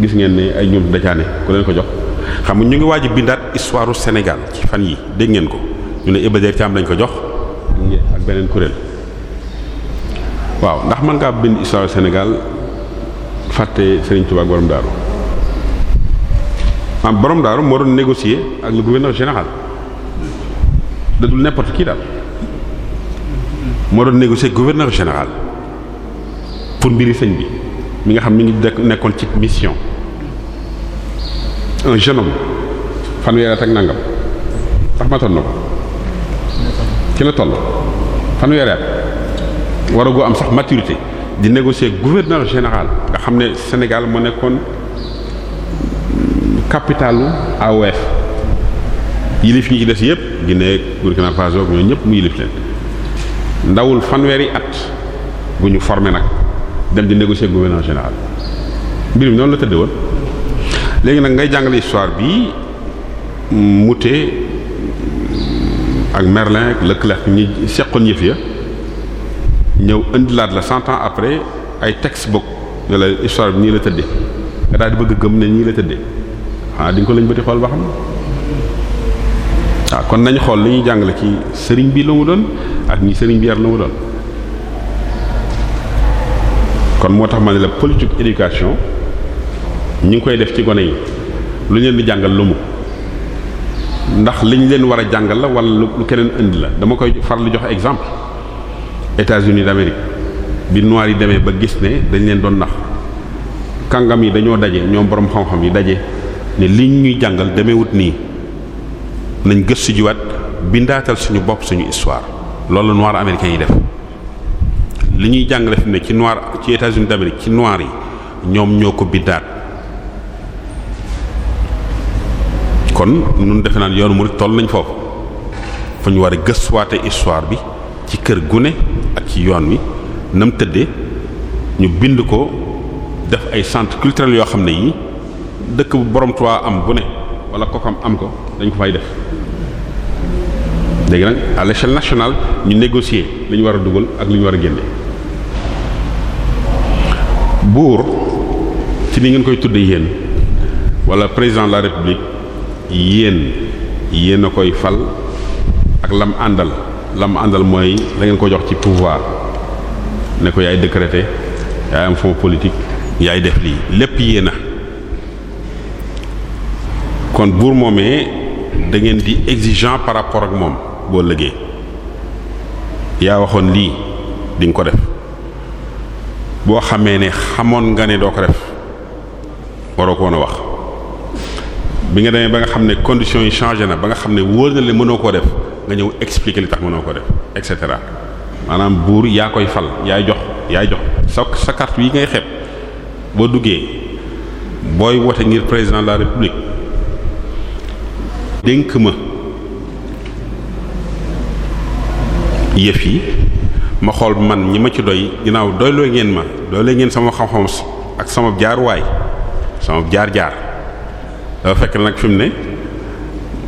gis ngeen ne ay ñoom dacaane ku leen ko jox xam nga ñu ngi waaj a bindaat histoire u Sénégal ci fan yi dégg ngeen ko ñu ne Iba Der Thiam lañ ko jox ak beneen kuréel waaw ndax mën ngaa bind histoire Sénégal fàtte Serigne Touba ak borom daaru am borom daaru moo doon négocier ak le gouverneur général da dul n'importe qui daal moo doon négocier gouverneur général pour mbiri sëñ bi mi nga xam mi ngi nekkoon ci mission un jeune homme fanweeri at ak nangam ndax ma toll na ko ci la toll fanweeri at waragoo am sax maturité di négocier gouverneur général nga xam ne Sénégal moo nekkoon capitalu AOF yilif ñi ci des yëpp Guinée Burkina Faso ñoo ñëpp mu yilif leen ndawul fanweeri at bu ñu formé nag dem di négocier gouverneur général mbir mi noonu la woon léegi nag ngay jàngale histoire bi Moutet ak Merlin ak Leclerc ñi seqoon yëf ya ñëw indilaat la cent ans après ay texte book ne la histoire bi nii la tëddee nga daal di bëgg gëm ne nii la tëddee ah di ko lañ bëti xool ba xam waaw ah, kon nañ xool li ñuy jàngale ci sëriñ bi la mu doon ak ñi sëriñ bi yar la mu doon kon moo tax ma ne la politique éducation ñu ngi koy def ci gone yi lu leen di jàngal lu mu ndax liñ leen war a jàngal la wala lu keneen indi la dama koy lu jox exemple États-Unis d'Amérique bi noir yi demee ba gis ne dañ leen doon nax kàngam yi dañoo daje ñoom borom xam-xam yi daje ne liñ ñuy jàngal demeewut nii nañ gëstu jiwaat bindaatal suñu bopp suñu histoire loolu noir américain yi def li ñuy jàngale fi ne ci noir ci États-Unis ci noir yi ñoom ñoo ko bindaat kon nun defe naan yoon murid toll nañ foofu fu ñu war a gëstuwaate histoire bi ci kër gune ak ci yoon wi nam tëddee ñu bind ko def ay centre culturel yoo xam ne yi dëkk bu borom Tuubaa am bu ne wala ko am am ko dañ ko fay def léegi nag à l'échelle ñu négocier li ñu war a dugal ak li ñu war a génne buur ci li ngeen koy tudde yéen wala président de la république yéen yéen a koy fal ak lam àndal lam àndal mooy la ngeen ko jox ci pouvoir ne ko yaay décréter yaay am fond politique yaay def lii lépp yéen a kon buur moomee da ngeen di exigent par rapport ak moom boo lëgee yaa waxoon lii di ko def boo xamee ne xamoon nga ne doo ko def waroo a wax bi nga demee ba nga xam ne conditions yi changé na ba nga xam ne wóor na le mënoo koo def nga ñëw expliquer li tax mënoo koo def et cetera maanaam buur yaa koy fal yaay jox yaay jox sa sa carte yi ngay xeeb boo duggee booy wote ngir président de la république dénk ma yëf yi ma xool man ñi ma ci doy ginnaaw doyloo ngeen ma doyloo ngeen sama xam-xam ak sama jaaruwaay sama jaar-jaar dafa euh, fekk nag fim mu ne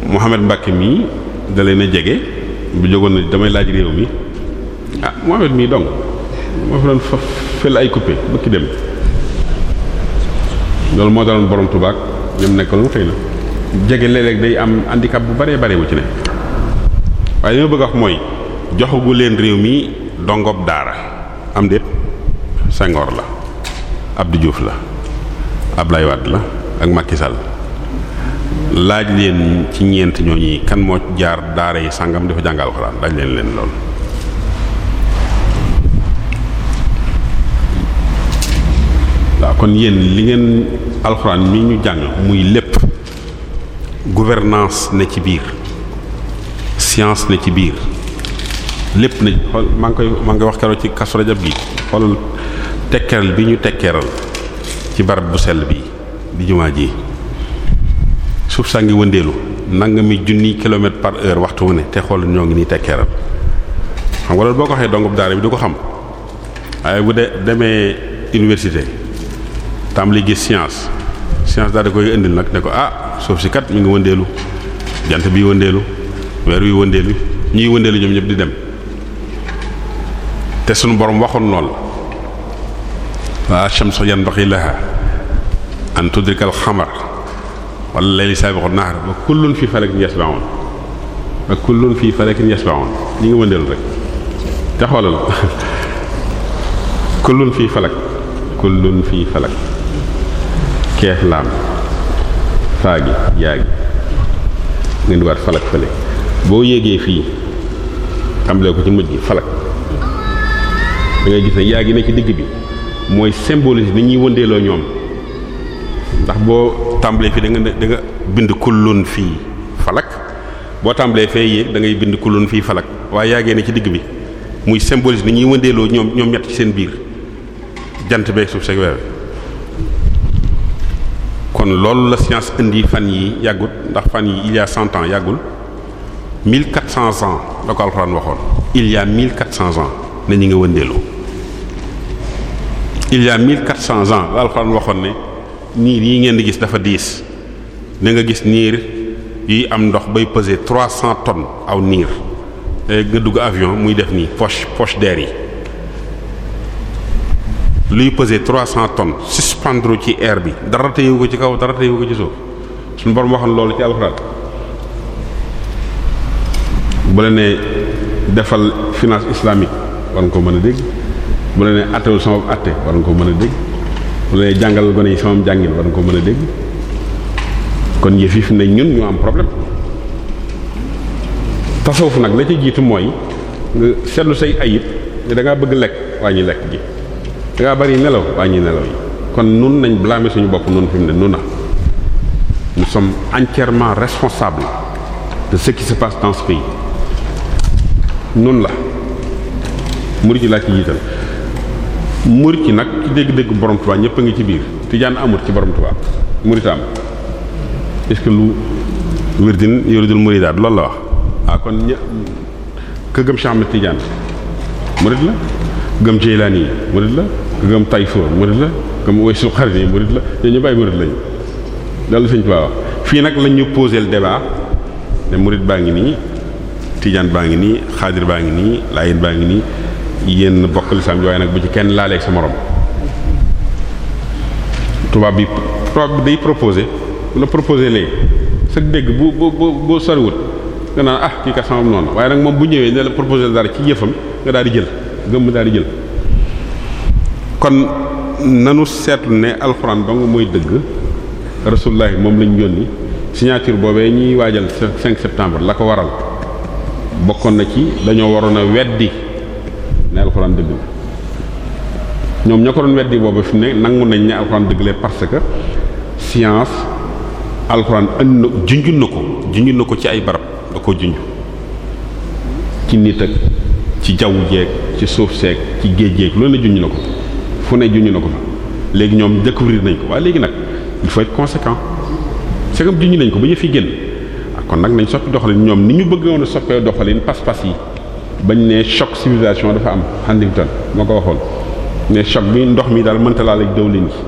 Mouhamed Mbacke mii da leen jege bu jógoon na damay laaj réew mi ah Mouhamed mii dong moo fi doon fa ay coupé bëkki dem loolu moo daloon boroom tubaak ñoom nekkaloon xëy na jege léeg-léeg day am handicap bu baree bare bu ci ne waaye li ma bëgg wax mooy joxagu leen réew mi dongob daara am déet sangoor la Abdou Diouf la Abdoulaye Wade la ak makkisal laaj leen ci ñeent ñooñu kan moo jaar daara yi sàngam dafa jàng alxuraan laaj leen leen lool. waaw kon yéen li ngeen alxuraan mi ñu jàng muy lépp gouvernance ne ci biir science ne ci biir lépp na xool maa koy maa koy wax keroog ci kasu rajab gi xoolal tekkeral bi ñu tekkeral ci barab bu sell bi di jumaa ji suuf saa ngi wëndeelu nangami junni kilomètre par heure waxtu wu ne te xool ñoo ngi nii tekkeeral xam nga boo ko waxee dongub daara bi du ko xam waaye bu de demee université tam li gis science science daal di koy indil nag ne ko ah suuf si kat mi ngi wëndeelu jant bii wëndeelu weer wi wëndeelu ñiy wëndeelu ñoom ñëpp di dem te suñu borom waxoon lool waa shamsu yanbaghi laha an tudrikal xamar wala layli saabiqun naar ba kullun fii falakin yasbahoon ba kullun fii falakin yasbahoon ñi ngi wëndeelu rek te xoolal kullun fii falak kullun fii falak keef laam faagi yaagi nga ndiwaat falak fële boo yéegee fii tàmbalee ko ci mujj gi falak da gis ne yaagi ne ci digg bi mooy symboliser ni ñuy wëndeeloo ñoom ndax boo tàmbalee fii danga nga danga nga bind kullun fii falak boo tàmbalee fee yéeg da ngay bind kullun fii falak waaye yàggee ne ci digg bi muy symbolisme ni ñuy wëndeeloo ñoom ñoom ñett ci seen biir jant beeg suuf seeg weer kon loolu la science indi fan yi yàggut ndax fan yi il y cent ans yàggul mille quatre cents ans la ko alxuraan waxoon il y mille quatre cents ans ne ñu ngi wëndeeloo il y a mille quatre la alxuraan waxoon ne niir yi ngeen di gis dafa diis da nga gis niir yuy am ndox bay peser trois cent tonnes aw niir nga dugg avion muy def nii poche poche d'air yi luy peser trois cent tonnes ci air bi dara téyewu ko ci kaw dara téyewu ko ci suuf suñu borom waxoon loolu ci alxuraan bu la nee defal finance islamique war nga ko mën a dégg bu la ne attewul sama atte war nga ko mën a dégg bu la jàngal gone yi sama jàngin war nga ko mën a dégg kon yëf yi fi ne ñun ñu am problème tasawuf nag la ca jiitu mooy nga seetlu say ayib da ngaa bëgg lekk waa ñi lekk gi da bari nelaw waa ñi nelaw yi kon nun nañ blâmer suñu bopp noonu fi ne nun a nous sommes entièrement responsables de ce qui se passe dans ce nun la murid laa ci jiital murit yi nag ci dégg-dégg borom Tuubaa ñëpp a ngi ci biir tijaan amul ci borom Tuubaa murit am est-ce que lu wirdin yuridul muridaat loolu la wax ah kon ña ka gëm Cheikh Ahmed murit la gëm Jeylaani yi murit la ka gëm Tayfoor murit la gëm Waysul Qarni murit la ñoo ñu bàyyi murit lañu loolu Sëriñ Tuubaa wax fii nag lañ ñu posé le débat ne murit baa ngi nii Tidiane baa ngi nii xaadir baa ngi nii Laayeen baa ngi nii yéen bokk lislaam bi waaye nag bu ci kenn laaleeg sa morom tubaab bi tubaab bi day proposé bu la proposé léegi sa dégg bu bu bu bu soriwut nga naan ah kii kat sama noonu waaye nag moom bu ñëwee ne la proposé dara ci jëfam nga daal di jël gëm daal di jël kon nanu seetlu ne alxuraan dong mooy dëgg rasulullahi moom lañ yónni signature boobee ñuy waajal 5 septembre la ko waral bokkoon na ci dañoo waroon a weddi ne alxuraan dëgg la ñoom ñoo ko doon weddi boobu fi ne nangu nañ ne alxuraan dëgg la parce que science alxuraan ënd na junjul na ko junjul na ko ci ay barab da koo junj ci nit ak ci jaww jeeg ci suuf seeg ci géej jeeg loolu ne junj na ko fu ne junj na ko fa léegi ñoom découvrir nañ ko waaye léegi nag il faut être conséquent c'est comme junj nañ ko ba yëf yi génn kon nag nañ soppi doxalin ñoom ni ñu bëgg woon a soppee doxalin pas-pas yi bañ ne choc civilisation dafa am Huntington moo ko waxoon ne choc bi ndox mi daal mënta laa ak dëwlin gi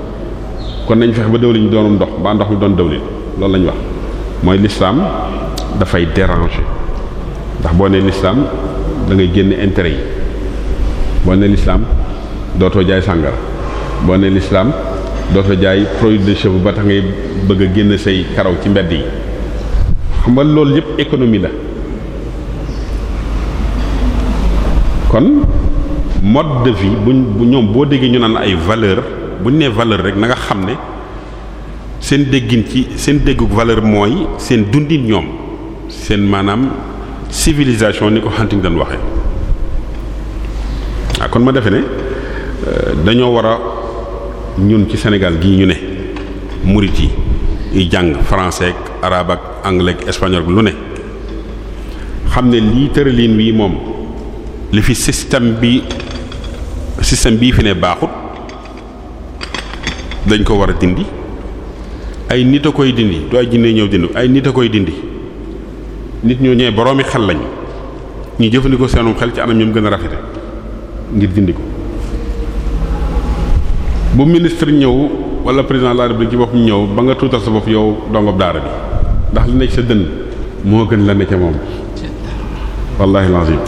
kon nañ fex ba dawlin doonum ndox mbaa ndox mi doon dawlin loolu lañ wax mooy l'islam dafay déranger ndax boo ne l'islam dangay génn intérêt yi boo ne l'islam dootoo jaay sàngara boo ne l'islam dootoo jaay produit de cheveux ba tax ngay bëgg a génn say karaw ci mbedd yi xam nga loolu yëpp économie la kon mode de vie buñ ñoom boo déggee ñu naan ay valeur buñ nee valeur rek na nga xam ne seen déggin ci seen déggug valeur mooy seen dundin ñoom seen maanaam civilisation ni ko Huntington waxe ah kon ma defe ne euh, dañoo war a ñun ci senegal gii ñu ne murit yi yi jàng français ak arabe ak anglais ak espagnol lu ne xam ne lii tëralin wii moom. li fi système bi système bii fi ne baaxut dañ ko war a dindi ay nit a koy dindi du ay jinne ñëw dindi ay nit a koy dindi nit ñoo ñëwee boroomi xel lañu ñu jëfandikoo seenum xel ci anam ñoom gën a rafete ngir dindi ko bu ministre ñëw wala président de la ci boppam ñëw ba nga tuutal sa bopp yow dongob daara bi ndax li nekk sa dënn moo gën la ne ca moom wallahi lazim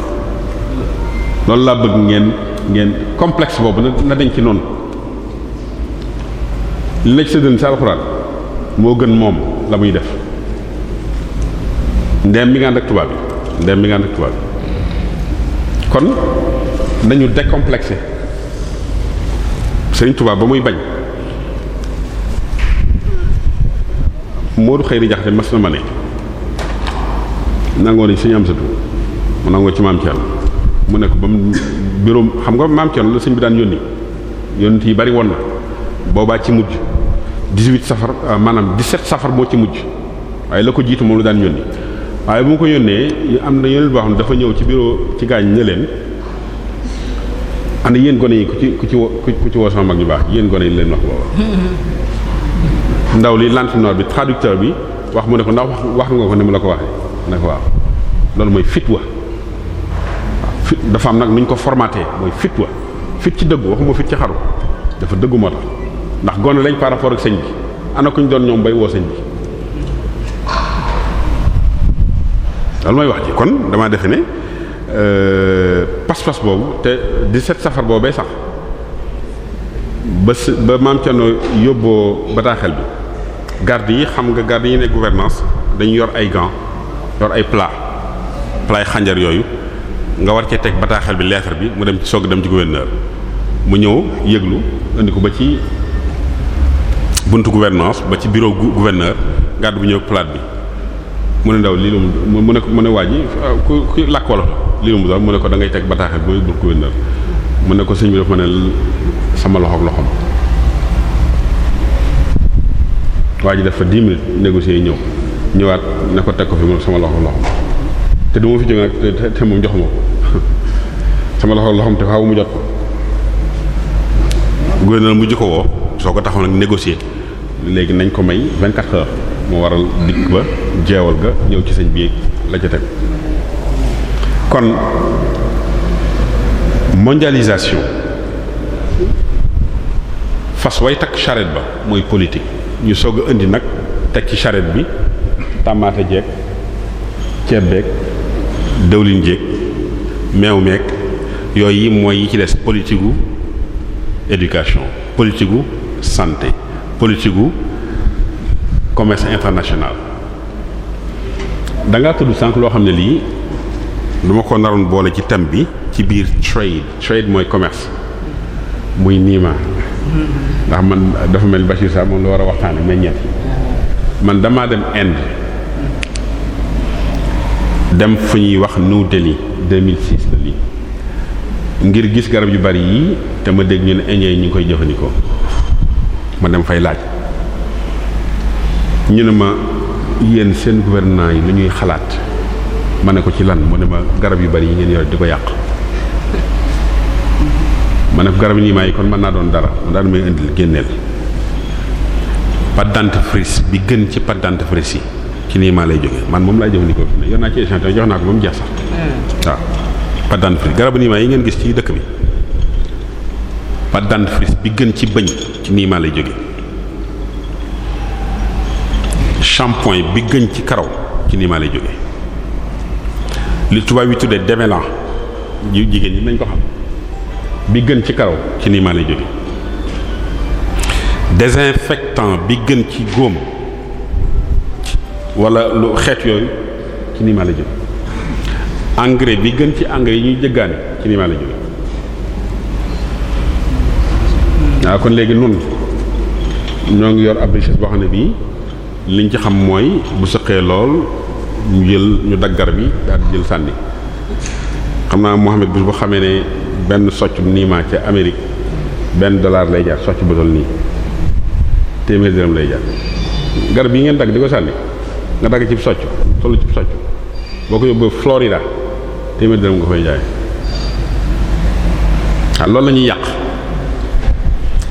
loolu laa bëgg ngeen ngeen complexe boobu na na dañ ci noonu li na ci sa dën sa alxuraan moo gën moom la muy def ndeem bi nga ànd ak tubaab bi ndeem bi nga ànd ak tubaab bi kon nañu décomplexé sëriñ tubaab ba muy bañ Moodu xëy na jaxate mas na ma ne nangoo nañ suñu am satu mu nangoo ci maam ci yàlla mu ne ko ba mu bureau xam nga maam Thierno la sëñ bi daan yónni yónni yi bari woon na boobaa ci mujj 18 safar euh, maanaam 17 safar moo ci mujj waaye la ko jiitu moom la daan yónni waaye bu ma ko yónnee am na yeneen boo xam ne dafa ñëw ci bureau ci gaañ ne leen ànd yéen gone yi ku ci ku ci wo ku ci woo sama mag ñu baax yéen gone yi leen wax booba ndaw li lantinoor bi traducteur bi wax mu ne ko ndax wax nga ko ne mu la ko waxee ne ko loolu mooy fit fit dafa am nag nuñ ko formaté mooy fit wa fit ci dëggu waxuma fit ci xaru dafa dëggu moo tax ndax gone lañ par rapport ak sëñ bi ana ñu doon ñoom bay woo sëñ bi loolu mooy wax ji kon damaa defe ne euh, pas-pas boobu te di set safar boobee sax ba si ba maam Thierno yóbboo bataaxel bi garde yi xam nga garde yi ne gouvernance dañu yor ay gants yor ay plat plat xànjar yooyu nga war cee teg bataaxel bi lettre bi mu dem ci soog dem ci gouverneur mu ñëw yëglu indi ko ba ci buntu gouvernance ba ci bureau gouverneur gàddu bu ñëw plate bi mu ne mu mu ne mu ah, ku ku làkk lii mu doon mu ne ko da ngay teg bataaxel bi buntu gouverneur mu ne ko sëñ bi daf ma ne sama loxoog loxoom waa ji def fa dix minutes négocier ñëw ñëwaat ne ko teg ko fi mu sama loxo loxoom. te du ma fi jóg moom jox ma ko sama loxo loo xam te faaw mu jot ko. gouverneur mu ko woo soo ko taxaw nag négocier léegi nañ ko may 24 mu waral dikk ba jeewal ga ñëw ci sañ bi la ca teg kon mondialisation fas way takk charrette ba mooy politique ñu soog a indi nag teg ci charrette bi tamaate jeeg ceeb beeg dëwlin jéeg meew meeg yooyu mooy yi ci des politique gu éducation politique gu santé politique gu commerce international da tudd loo xam ne lii lu ma ko naroon boole ci thème bi ci biir trade trade mooy commerce muy niima ndax man dafa mel Bachir Sa moom la war a waxtaan waxtaane meññeet man damaa dem Inde dem fu ñuy wax New Delhi 2006 lii ngir gis garab yu bari yi te ma dégg ñu ne Indien ñu koy jëfandikoo ma dem fay laaj ñu ne ma yéen seen gouvernement yi lu ñuy xalaat ma ne ko ci lan mu ne garab yu bari yi ngeen yore di ko yàq ma ne ko garab yi maa yi kon mën naa doon dara mu daal may indil génneel pâte dentifrice bi gën ci pâte dentifrice yi ci nii maa lay jógee man moom laay jëfandikoo fi ne yor naa ci échantillon jox naa ko moom jeex sax hmm. waaw pâte dentifrice garabu niimaa yi ngeen gis ci dëkk bi pâte dentifrice bi gën ci bëñ ci niimaa lay jóge shampoing bi gën ci karaw ci niimaa lay jóge li tubaab yi tuddee démêlant yu jigéen ñi nañ ko xam bi gën ci karaw ci niimaa lay jóge désinfectant bi gën ci góom wala lu xeet yooyu ci niimaa la jóge engrais bi gën ci engrais yi ñuy jëggaane ci niimaa la jóge waaw kon léegi nun ñoo ngi yor ab richesse boo xam ne bii liñ ci xam mooy bu sëqee lool ñu jël ñu daggar bi daal di jël sànni xam naa Mohamed bis bu xamee ne benn socc niimaa ca Amérique benn dollar lay jaar socc bu toll nii téeméer dërëm lay jaar garab yi ngeen dagg di ko sànni nga dagg cib soccu toll cib soccu boo ko yóbboo Florida téeméer dërëm nga koy jaay waaw loolu la ñuy yàq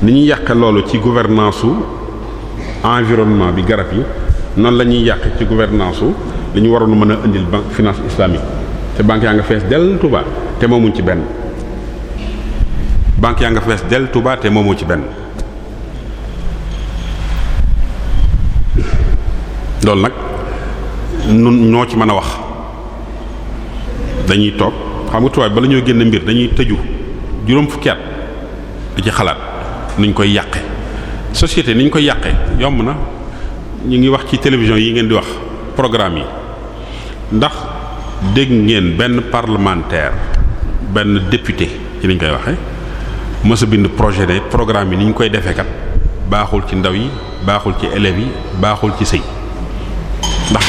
ni ñuy yàq loolu ci gouvernance su environnement bi garab yi noonu la ñuy yàq ci gouvernance su li ñu waroon mën a indil banque finance islamique te banque yaa nga fees del Touba te moomuñ ci benn banque yaa nga fees del Touba te moomoo ci benn loolu nag nun ñoo ci mën a wax dañuy toog xam nga tubaab bala ñoo génne mbir dañuy tëju juróom fukki at di ci xalaat nuñ koy yàqe société niñ koy yàqee yomb na ñu ngi wax ci télévision yi ngeen di wax programme yi ndax dégg ngeen benn parlementaire benn député ci lañ koy waxe mës bind projet de programme yi ni ñu koy defee kat baaxul ci ndaw yi baaxul ci élèves yi baaxul ci sëy ndax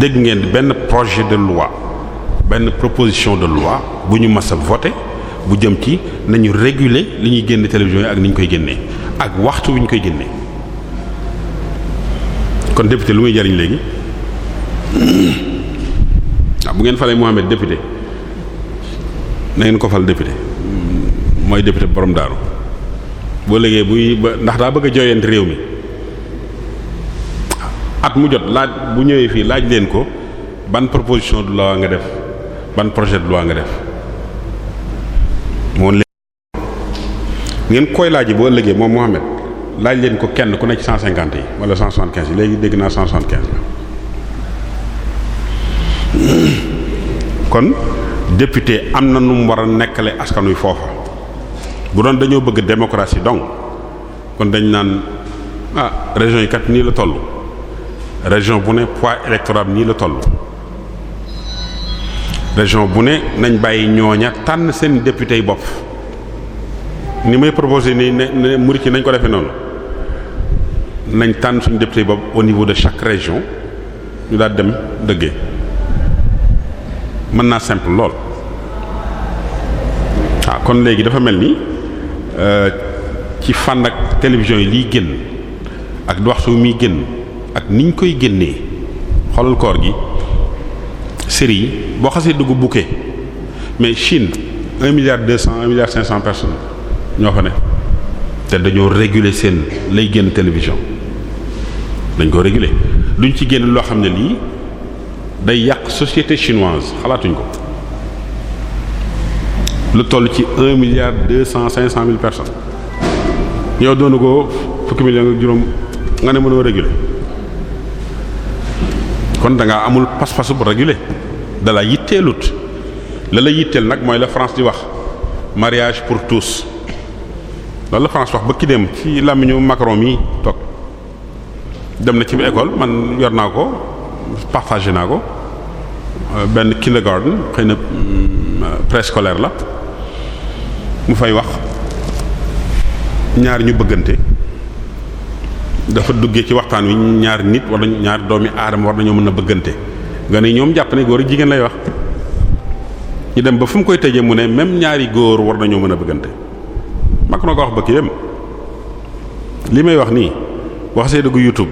dégg ngeen benn projet de loi benn proposition de loi bu ñu mas a bu jëm ci nañu réguler li ñuy génn télévision yi ak ni ñu koy génnee ak waxtu wi ñu koy génnee kon député lu muy jariñ léegi waaw ah, bu ngeen falee Mohamed député na ngeen ko fal député mooy député borom daaru boo léegi buy ba ndax daa bëgg a jooyante réew mi at mu jot laaj bu ñëwee fii laaj leen ko ban proposition de loi nga def ban projet de loi nga def moom leen ngeen koy laaj boo ëllëgee moom Mohamed laaj leen ko kenn ku nekk ci cent cinquante yi wala cent soixante quinze yi léegi dégg naa cent soixante quinze la kon député am na nu mu war a nekkale askan wi foofa bu doon dañoo bëgg démocratie donc kon dañ naan ah région yi kat nii la tollu région bu ne poids électoral nii la toll région bu ne nañ bàyyi ñooña tànn seen député bopp ni may proposé nii ne ne Mouride nañ ko defee noonu nañ tànn suñu député yi bopp au niveau de chaque région ñu daal dem dëggee mën naa simple lool waaw ah, kon léegi dafa mel ni euh, ci fànn ak télévision yi liy génn ak wax su muy génn. ak niñ koy génnee xoolal koor gi série yi boo xasee dugg bouquet mais Chine un milliard cent un milliard cent personnes ñoo fa ne te dañoo réguler seen lay génn télévision dañ ko réguler duñ ci génn loo xam ne lii day yàq société chinoise xalaatuñ ko lu toll ci un milliard deux cent cinq cent mille personnes yow doonu ko fukki million ak juróom nga ne mënoo réguler kon da ngaa amul pas-pasu bu régulé da la yitteelut la yitteel nag mooy la France di wax mariage pour tous loolu la France wax ba ki dem ci làmmiñu Macron mi toog dem na ci école man yor naa ko partagé naa ko benn kindergarten xëy na mm, préscolaire la mu fay wax ñaar ñu bëggante dafa dugge ci waxtaan wi ñaari nit wala ñaari doomi aadama war nañoo mën a bëggante nga ne ñoom jàpp ne góor ak jigéen lay wax ñu dem ba fu mu koy tëjee mu ne même ñaari góor war nañoo mën a bëggante mak na ko wax bëgg yem li may wax nii wax see dugg YouTube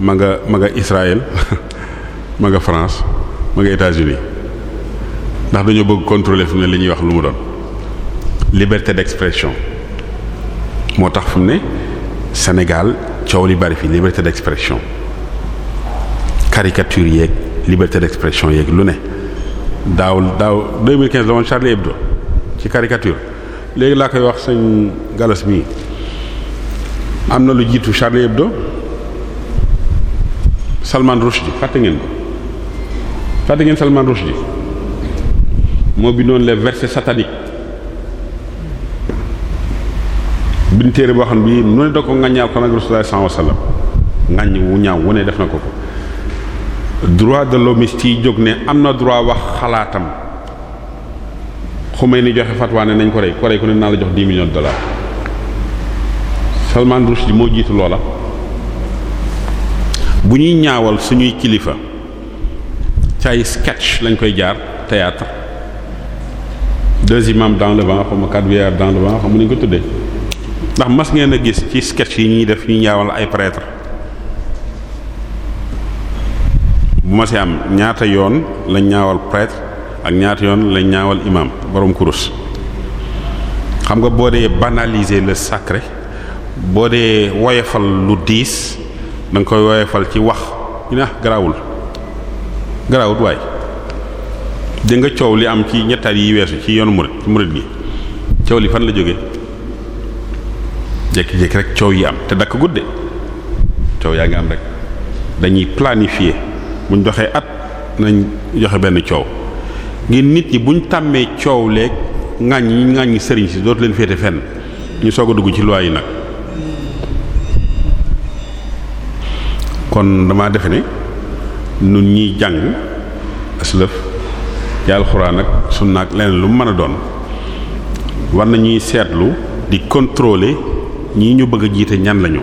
ma nga ma nga Israël ma nga France ma nga États-Unis ndax dañoo bëgg contrôler fu ne li ñuy wax lu mu doon liberté d'expression moo tax fu mu ne Sénégal coow li bari fi liberté d'expression caricature yeeg liberté d'expression yeeg lu ne daaw daaw 2015 la woon Charlie Hebdo ci caricature léegi laa koy wax sëñ Galas mii am na lu jiitu Charlie Hebdo Salman Rushdie fàtte ngeen ko fàtte ngeen Salman Rushdie moo bindoon les versets sataniques bind téere boo xam bii nu ne da ko ŋaññaaw ko nag Rasulullah sallallahu alayhi wasallam wu ñaaw wu ne def na ko ko droit de l'homiste yi jóg ne am na droit wax xalaatam Khomeini joxe fatwa ne nañ ko rey ko rey ku ne naa la jox 10 millions de dollars Salman Rushdie moo jiitu loola bu ñuy ñaawal suñuy kilifa ci ay sketch lañ koy jaar théâtre deux imams dans le vent xaw ma quatre vieillards dans le vent xam mu ko tuddee ndax mas ngeen a gis ci sketch yi ñuy def ñu ñaawal ay prêtre bu ma si am ñaata yoon lañ ñaawal prêtre ak ñaata yoon lañ ñaawal imam borom kurus xam nga boo dee banaliser le sacré boo dee woyofal lu diis da nga koy woyofal ci wax ñu ne ah garaawul garaawut nga coow li am ci ñettaat yi weesu ci yoonu murid ci murid gi coow li fan la jóge jékki-jékki rek coow yi am te dakk gudde coow yaa ngi am rek dañuy planifier buñ doxee at nañ joxe benn coow ngir nit ñi buñ tàmmee coow leeg ŋàññ ñi ŋàññ sëriñ si dootu leen féete fenn ñu soog a dugg ci loi yi nag kon dama defe ne nun ñiy jàng aslëf ya alxuraan ak su ak leneen lu mën a doon war nañuy seetlu di contrôler ñii ñu bëgg a jiite ñan lañu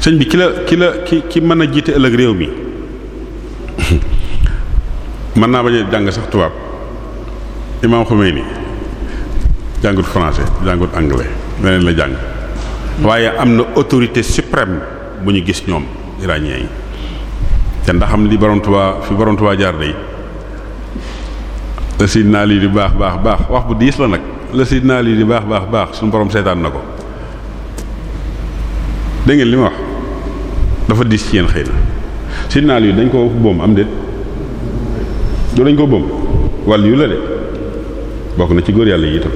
sëñ bi ki la ki la ki ki mën a jiite ëllëg réew mi mën naa bañ a jàng sax tubaab Imam Khomeini jàngut français jàngut anglais leneen la jàng waaye am na autorité suprême bu ñu gis ñoom iranien yi te ndax am li borom Tuubaa fi borom Tuubaa jaar day la si naa lii di baax baax baax wax bu diis la nag la Seydina Ali di baax baax baax suñu boroom seetaan na ko dégg ngeen li ma wax dafa diis ci yéen xëy na Seydina Ali dañ koo boom am déet doo dañ ko boom wàll yu la de bokk na ci góor yàlla yi itam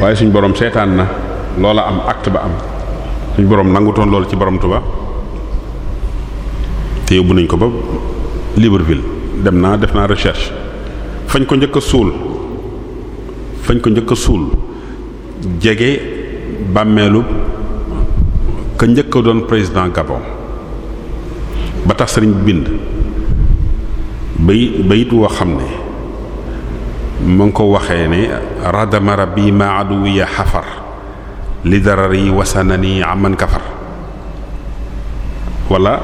waaye suñ borom seetaan na loola am act ba am suñu borom toon loolu ci borom Tuubaa te yóbbu nañ ko ba Libreville dem naa def naa recherche fañ ko njëkk a suul. fañ ko njëkk suul jege bàmmeelu ka njëkk doon président Gabon ba tax sëriñ bind bay bayit woo xam ne mu ngi ko waxee ne radama bi ma aduwiya xafar li darari wasanani aman kafar wala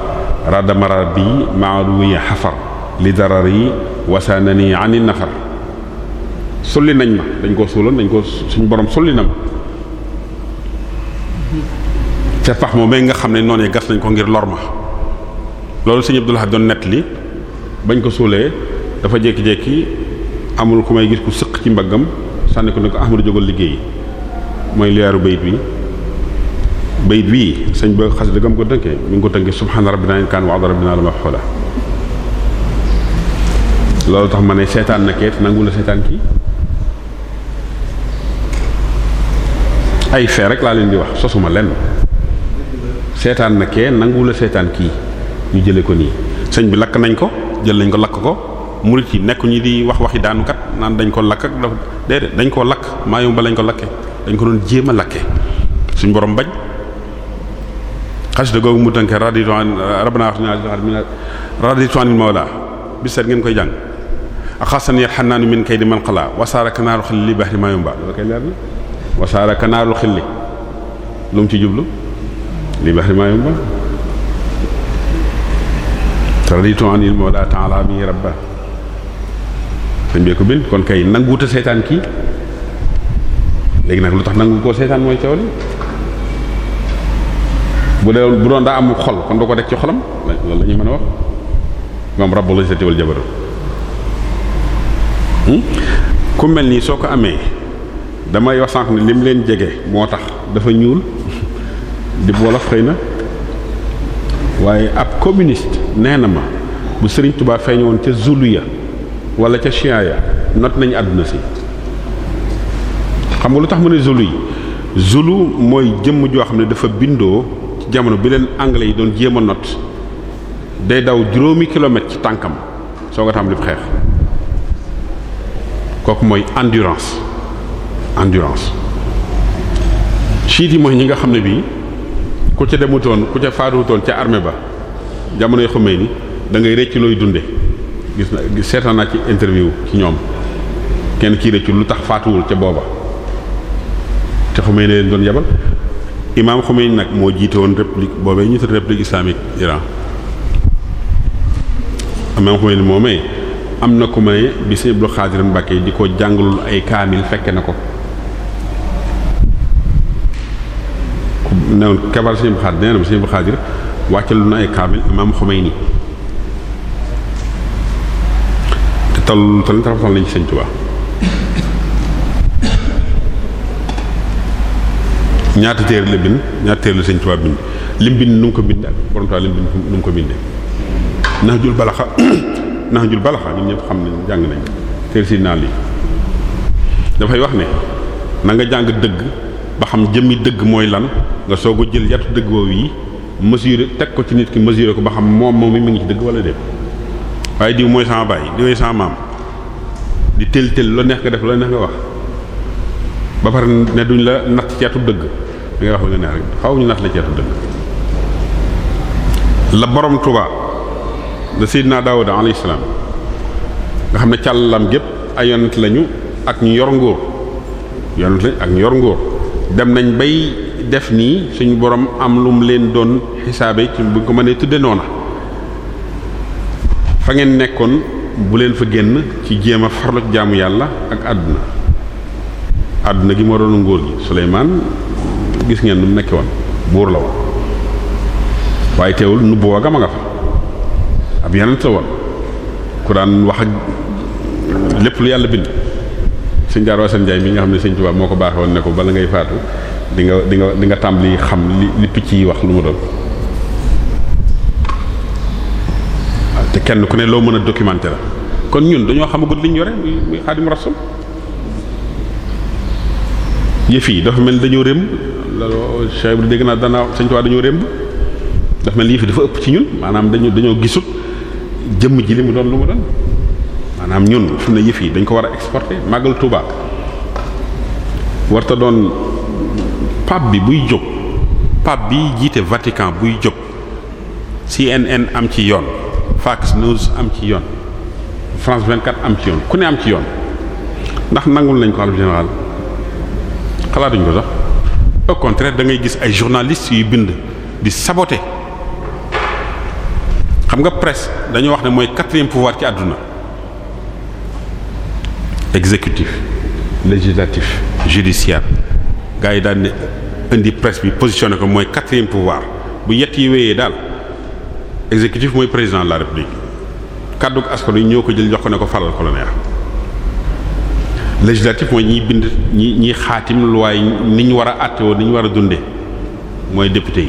radama rabbi ma aduwiya xafar li darari wasanani ani nafar sulli nañ ma dañ koo suuloon dañ koo suñu borom sulli na ma ca pax moom nga xam ne noonee gas nañ ko ngir lor ma loolu sëñ Abdul Ahad doon nett li bañ ko suulee dafa jékki-jékki amul ku may gis ku sëq ci mbaggam sànni ko ne ko Ahmadu jógal liggéey mooy liyaaru bayit wi bayit bii sëñ ba xas dëggam ko tënkee mi ngi ko tënkee subhaana rabbina in kaan wa'du rabbina la maf'uula loolu tax ma ne seetaan na keet nangu la seetaan kii ay fee rek laa leen di wax sosuma lenn seetaan na kee nanguwula seetaan kii ñu jëlee ko nii sëñ bi lakk nañ ko jël nañ ko lakk ko murit yi nekk ñu di wax wax waxi daanukat naan dañ ko lakk ak déedéet dañ koo lakk maa yomb ba lañ ko lakke dañ ko doon jéem a lakke suñ borom bañ xasida googu mu tank tënkee raditu an rabbana raditu anil mawla bi seet ngeen koy jàng ak xasan yar xannaanu min kay di man xalaa wasaara kanaaru xel li baax di maa yomba loolu wasaara kanaarul xilli lu mu ci jublu li baxri maa yomba taraditu anil mawla ta'ala bi rabba dañ bee ko bind kon kay nanguwuta seytaan kii léegi nag lu tax nangu koo seytaan mooy coow li bu dee bu doon daa amul xol kon du ko def ci xolam loolu mën a wax moom rabbul izzati wal jabarut hmm? ku mel nii soo ko amee damay wax sànq ne lim leen jege moo tax dafa ñuul di wolof xëy na waaye ab communiste nee na ma bu Sëriñ Tuubaa feeñoon ca Zulu ya wala ca Chia ya not nañu àdduna si xam nga lu tax mu ne Zulu yi Zulu mooy jëmm joo xam ne dafa bindoo ci jamono bi leen anglais yi doon jéem a not day daw juróomi kilomètre ci tànkam soo ko tàmbali xeex kooku mooy endurance. endurance chiites yi mooy ñi nga xam ne bii ku ca demutoon ku ca faatutoon ca armée ba jamonoy xamee ni da ngay rëcc looy dunde gis na seetaan naa ci interview ci ñoom kenn kii rëccu lu tax faatuwul ca booba te xamee ne leen doon yabal imaam xamee nag moo jiite woon république boobee ñu tudd république islamique Iran imaam xamee moomee am na ku ma ne bi Sëriñ Abdul Xaadir Mbàkke di ko jàngalul ay kaamil fekke na ko newoon kabal sëñ Xaadir wàcc na lu na ay kaamil imaam Xumayni te toll toll nañ ci sëñ Tuubaa ñaata téere la bind ñaata téere la sëñ Tuubaa bind lim bind nu mu ko bind ak borom lim bind nu mu ko bindee nax jul balaxa nax jul balaxa ñun ñëpp xam nañ jàng nañ téere si naal yi dafay wax ne na nga jàng dëgg ba xam jëmmi dëgg mooy lan nga soog jël yatu dëggoo woowu yi mesurer teg ko ci nit ki mesurer ko ba xam moom moom mi mi ngi ci dëgg wala déet waaye diw mooy sama baay diw mooy sama maam di tel tel loo neex nga def loo neex nga wax ba pare ne duñ la natt ci yatu dëgg da ngay wax la neex rek xaw ñu natt la ci yatu dëgg la borom Tuubaa la Seydina Daawuda alayhi salaam nga xam ne càllalam gépp ay yonent lañu ak ñu yor ngóor yonent lañu ak ñu yor ngóor dem nañ bay def nii suñu borom am lu mu leen doon xisaabe ci bu ko mënee tudde noona fa ngeen nekkoon bu leen fa génn ci jéema a farlu yàlla ak àdduna àdduna gi moo doon nguur gi Suleymaan gis ngeen nu mu nekke woon buur la woon waaye teewul nubbu wa gama nga fa ab yeneen la woon ku wax ak lépp lu yàlla bind sëñ Daaru Asan Njaay mi nga xam ne sëñ Tuubaa moo ko baaxee woon ne ko bala ngay faatu di nga di nga di nga tàmbali xam li li picc yi wax lu mu doon ah, te kenn ku ne loo mën a documenté la kon ñun dañoo xamagut liñ yore muy muy Xaadimu Rasuul yëf yi dafa mel dañoo rémb loolu Cheikh bi dégg naa danaa sëñ Tuubaa dañoo rémb dafa mel yëf yi dafa ëpp ci ñun maanaam dañu dañoo gisut jëmm ji li mu doon lu mu doon maanaam ñun fi na yëf yi dañ ko war a exporter màggal Touba warta doon pape bi buy jóg pape bi jiite Vatican buy jóg CNN am ci yoon Fox News am ci yoon France 24 am ci ku ne am ci yoon ndax nangul lañ ko xalif général xalaatuñ ko sax au contraire da ngay gis ay journalistes yuy bind di saboter xam nga presse dañoo wax ne mooy quatrième pouvoir ci àdduna exécutif législatif judiciaire gars yi daal ne indi presse bi positionné ko mooy quatrième pouvoir bu yett yi wéyee daal exécutif mooy président la république kàddu askan yi ñoo ko jël jox ko ne ko faral ko législatif mooy ñiy bind ñi ñiy xaatim loi ni ñu war a àttewoo ni ñu war a dundee mooy député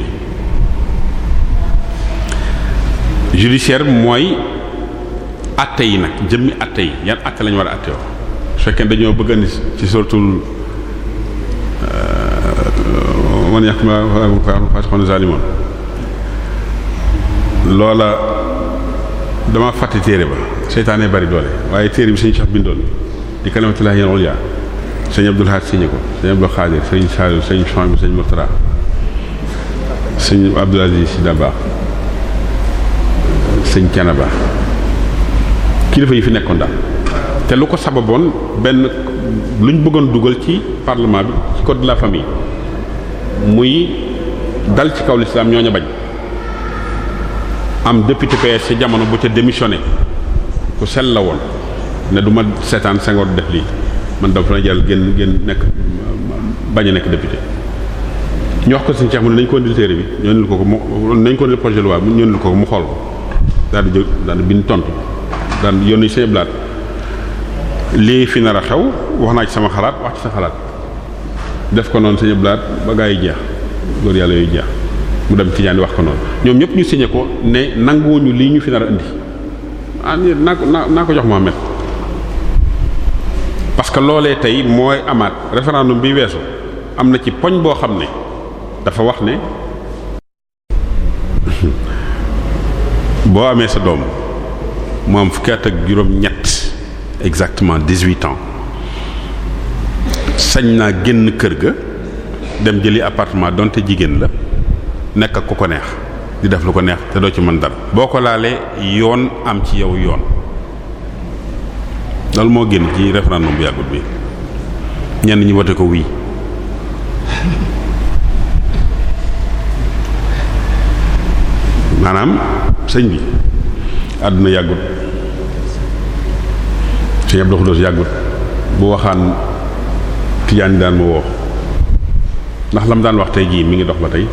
yi judiciaire mooy àtte yi nag jëmmi àtte yi yan àtte lañu war a àttewoo fekkee dañoo bëgg andi ci suratul euh, man yàq ma façon zalimoon loola dama fàtte téere ba seytaane bari doole waaye téere bi suñu sax bindoon di kalimatullahi yal ulya sëñ Abdul Haat siñe ko sëñ Abdul Xaadir sëñ Saalu sëñ Sohaybu sëñ Murtada sëñ Abdul Aziz Si Dabaax sëñ Canaba kilifa yi fi nekkoon daal te lu ko sababoon benn lu ñu bëggoon dugal ci parlement bi ci code de la famille muy dal ci kaw lislaam ñooñu bañ am député PS ci jamono bu ca démissionné ku sell la woon ne du ma seetaan Senghor def lii man dafa na jël génn génn nekk bañ nekk député ñu wax mu ne nañu ko indil téere bi ñoo ko ko mu nañu ko indil projet de loi ñoo ko mu xool ko daal di jóg daal di bind tontu daal di yónni seen blaat lii fi nar a xew wax naa ci sama xalaat wax ci sa xalaat def ko noonu sëñ blaat ba gaa yi jeex góor yàlla yooyu jeex mu dem ci ñaan wax ko noonu ñoom ñëpp ñu signé ko ne nanguwuñu lii ñu fi nar a indi ah naa ko naa ko jox Mohamed parce que loolee tey mooy amaat référendum bi weesu am na ci poñ boo xam ne dafa wax ne boo amee sa doom mu am ak juróom-ñett. exactement dix-huit ans sañ naa génn kër ga dem jëli appartement donte jigéen la nekk ak ku ko neex di def lu ko neex te doo ci mën dara boo ko laalee yoon am ci yow yoon loolu moo génn ci référendum bu yàggut bi ñenn ñi wote ko wii maanaam sëñ bi àdduna yàggut sëñ Abdou Khoudoss yàggut bu waxaan tijaan yi daan ma woo ndax lam daan wax tey jii mi ngi dox ba tey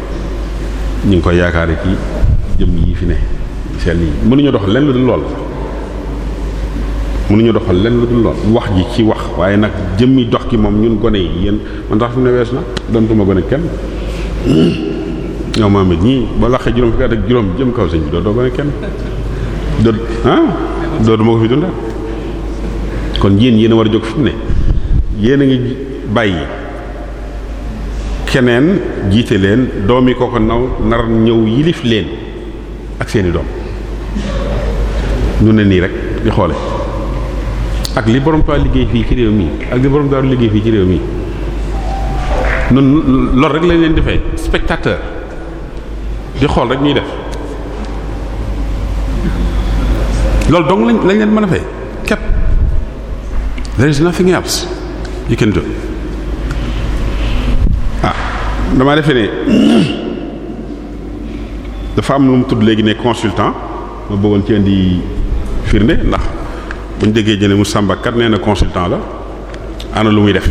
ñu ngi koy yaakaari ci jëm yii fi ne seen yi mënuñu dox lenn lu dul lool mënuñu doxal lenn lu dul lool wax ji ci wax waaye nag jëm jëmmi dox gi moom ñun gone yi yéen man tax fi mu ne wees na dontuma gone kenn ñow maamit ñii ba laqee juróom fukki at ak juróom jëm kaw sëñ bi doo doo gone kenn doo ah doo duma ko fi dunda kon yéen yéen war a jóg fu mu ne yéen a ngi bàyyi keneen jiite leen doom yi kooko naw nar ñëw yilif leen ak seeni doom ñu ne nii rek di xoole ak li borom taa liggéey fii ci réew mi ak li liggéey fii ci réew mi nun rek lañ leen defee spectateur di xool rek ñuy def loolu dong lañ lañ leen mën a fay there is nothing else ah damaa defe ne dafa am lu mu tudd léegi ne consultant ma bëggoon ci indi firnde ndax bu ñu déggee jëne mu sàmbakat nee na consultant la ana lu muy def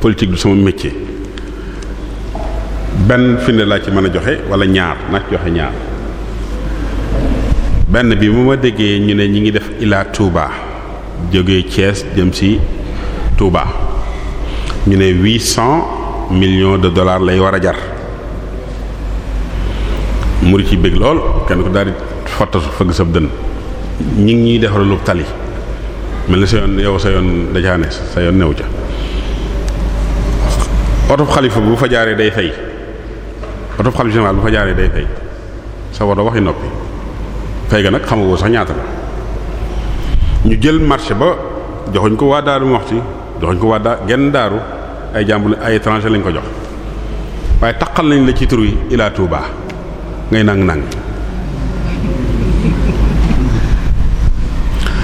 politique du sama métier benn firnde laa ci mën a joxe wala ñaar nag joxe ñaar benn bi bu ma déggee ñu ne ñi ngi def ila Touba. jóge cees jëm si Touba ñu ne huit cent de dollars lay war a jar muri ci bëgg lool kenn ko daal di fottatu fëgg sab dën ñi ngi ñuy defaralu tali mel ni sa yoon yow sa yoon dacaane sa yoon new ca oto xalifa bu fa jaaree day fay oto xalifa général bu fa jaaree day fay sa woto waxi noppi fay ga nag xamagoo sax ñaata la ñu jël marché ba joxuñ ko waa daaru waxti joxuñ ko waa daa genn daaru ay jàmbur ay étranger lañ ko jox waaye taqal nañ la ci tur yi ilaa Touba ngay nang-nang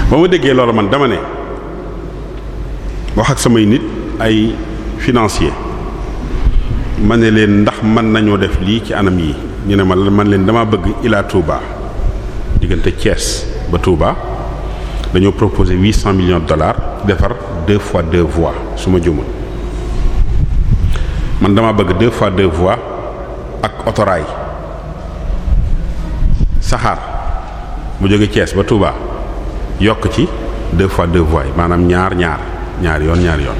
ba ma déggee loolu man dama ne wax ak samay nit ay financier ma ne leen ndax mën nañoo def lii ci anam yi ñu ne ma man leen dama bëgg ilaa Touba diggante Thiès ba Touba dañoo proposer huit cent millions de dollars defar deux fois deux voies su ma jumul man dama bëgg deux fois deux fois ak autorail saxaar bu jóge Thiès ba Touba yokk ci deux fois deux voies maanaam ñaar ñaar ñaar yoon ñaar yoon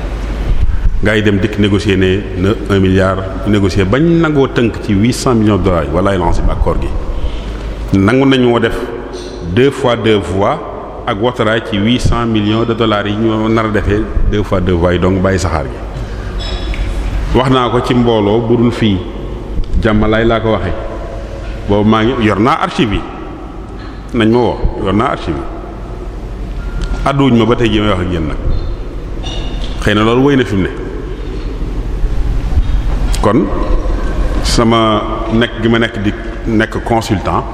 gars yi dem dikk négocier ne na un milliard négocier bañ nangoo tënk ci huit cent millions de dollars walaay lancé bi accord gi nangu nañu moo def deux fois deux voies ak Ouattara ci huit cent millions de dollars yi ñu nar a defee deux fois deux voies dong donc bàyyi saxaar gi wax naa ko ci mbooloo bu dul fii jàmmalaay laa ko waxee boobu maa ngi yor naa archive yi nañ ma woo yor naa archive yi àdduwuñ ma ba tey jii may wax ak yéen nag xëy na loolu wéy na fi mu ne kon sama nekk gi ma nekk di nekk consultant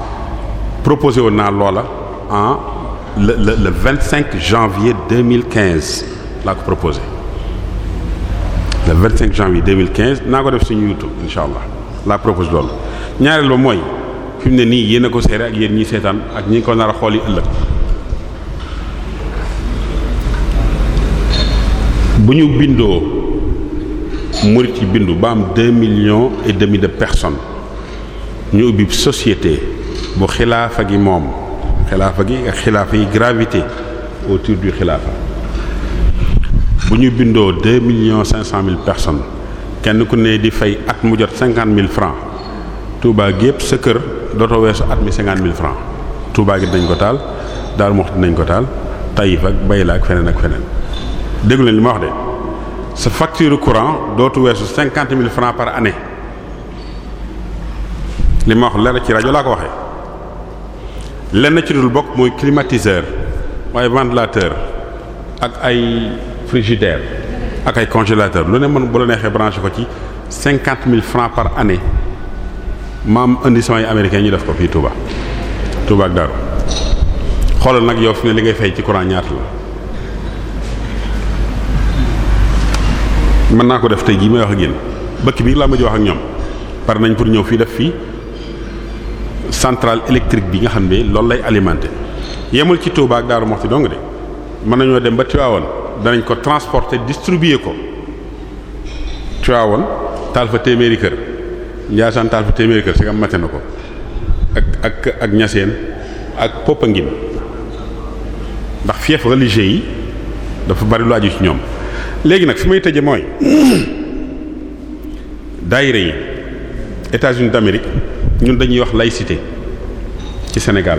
proposé woon naa loola en le le le vingt cinq janvier deux mille quinze laa ko proposé le vingt cinq janvier deux mille quinze naa ko def suñu YouTube incha allah laa proposé loolu ñaareel ba mooy fi mu ne nii yéen ko seere ak yéen ñi seetaan ak ñi ko nar a xool yi ëllëg bu ñu bindoo murit yi bindu ba am deux millions et demi de personnes ñu ubbi société bu xilaafa gi moom. xilaafa gi ak xilaafa yi gravité autour du xilaafa bu ñu bindoo deux millions cinq cent mille personnes kenn ku ne di fay at mu jot cinquante mille francs Touba gi yëpp sa kër dootoo weesu at mi cinquante mille francs Touba gi dañ ko taal Daaru Muxti dinañ ko daal Taïf ak Bayla ak feneen ak feneen déggu li ma wax de sa facture courant dootu weesu cinquante mille francs par année li ma wax leer ci rajo laa ko waxee lenn ci dul bokk mooy climatiseur ay ventilateur ak ay frigidaire ak ay congélateur lu ne mën bu la neexee branché ko ci cinquante mille francs par année maam indi samay américain ñu def ko fii Touba Touba ak Darou xoolal nag yow fi ne li ngay fay ci courant ñaata la mën naa ko def tey jii may wax ak yéen bëkk bii laa mujj wax ak ñoom pare nañ pour ñëw fii def fii central électrique bi nga xam ne loolu lay alimenté yemul ci Touba ak Darou Moukhty dong de mën nañoo dem ba Tivaouane danañ ko transporter distribuer ko Tivaouane taal fa téeméeri kër Ndiassane taal fa téeméeri kër si nga mate na ko ak ak ak Niassène ak ndax fief religieux yi dafa bari lu aju ci ñoom léegi nag fi may tëje mooy daayira yi États-Unis ñun dañuy wax laïcité ci Sénégal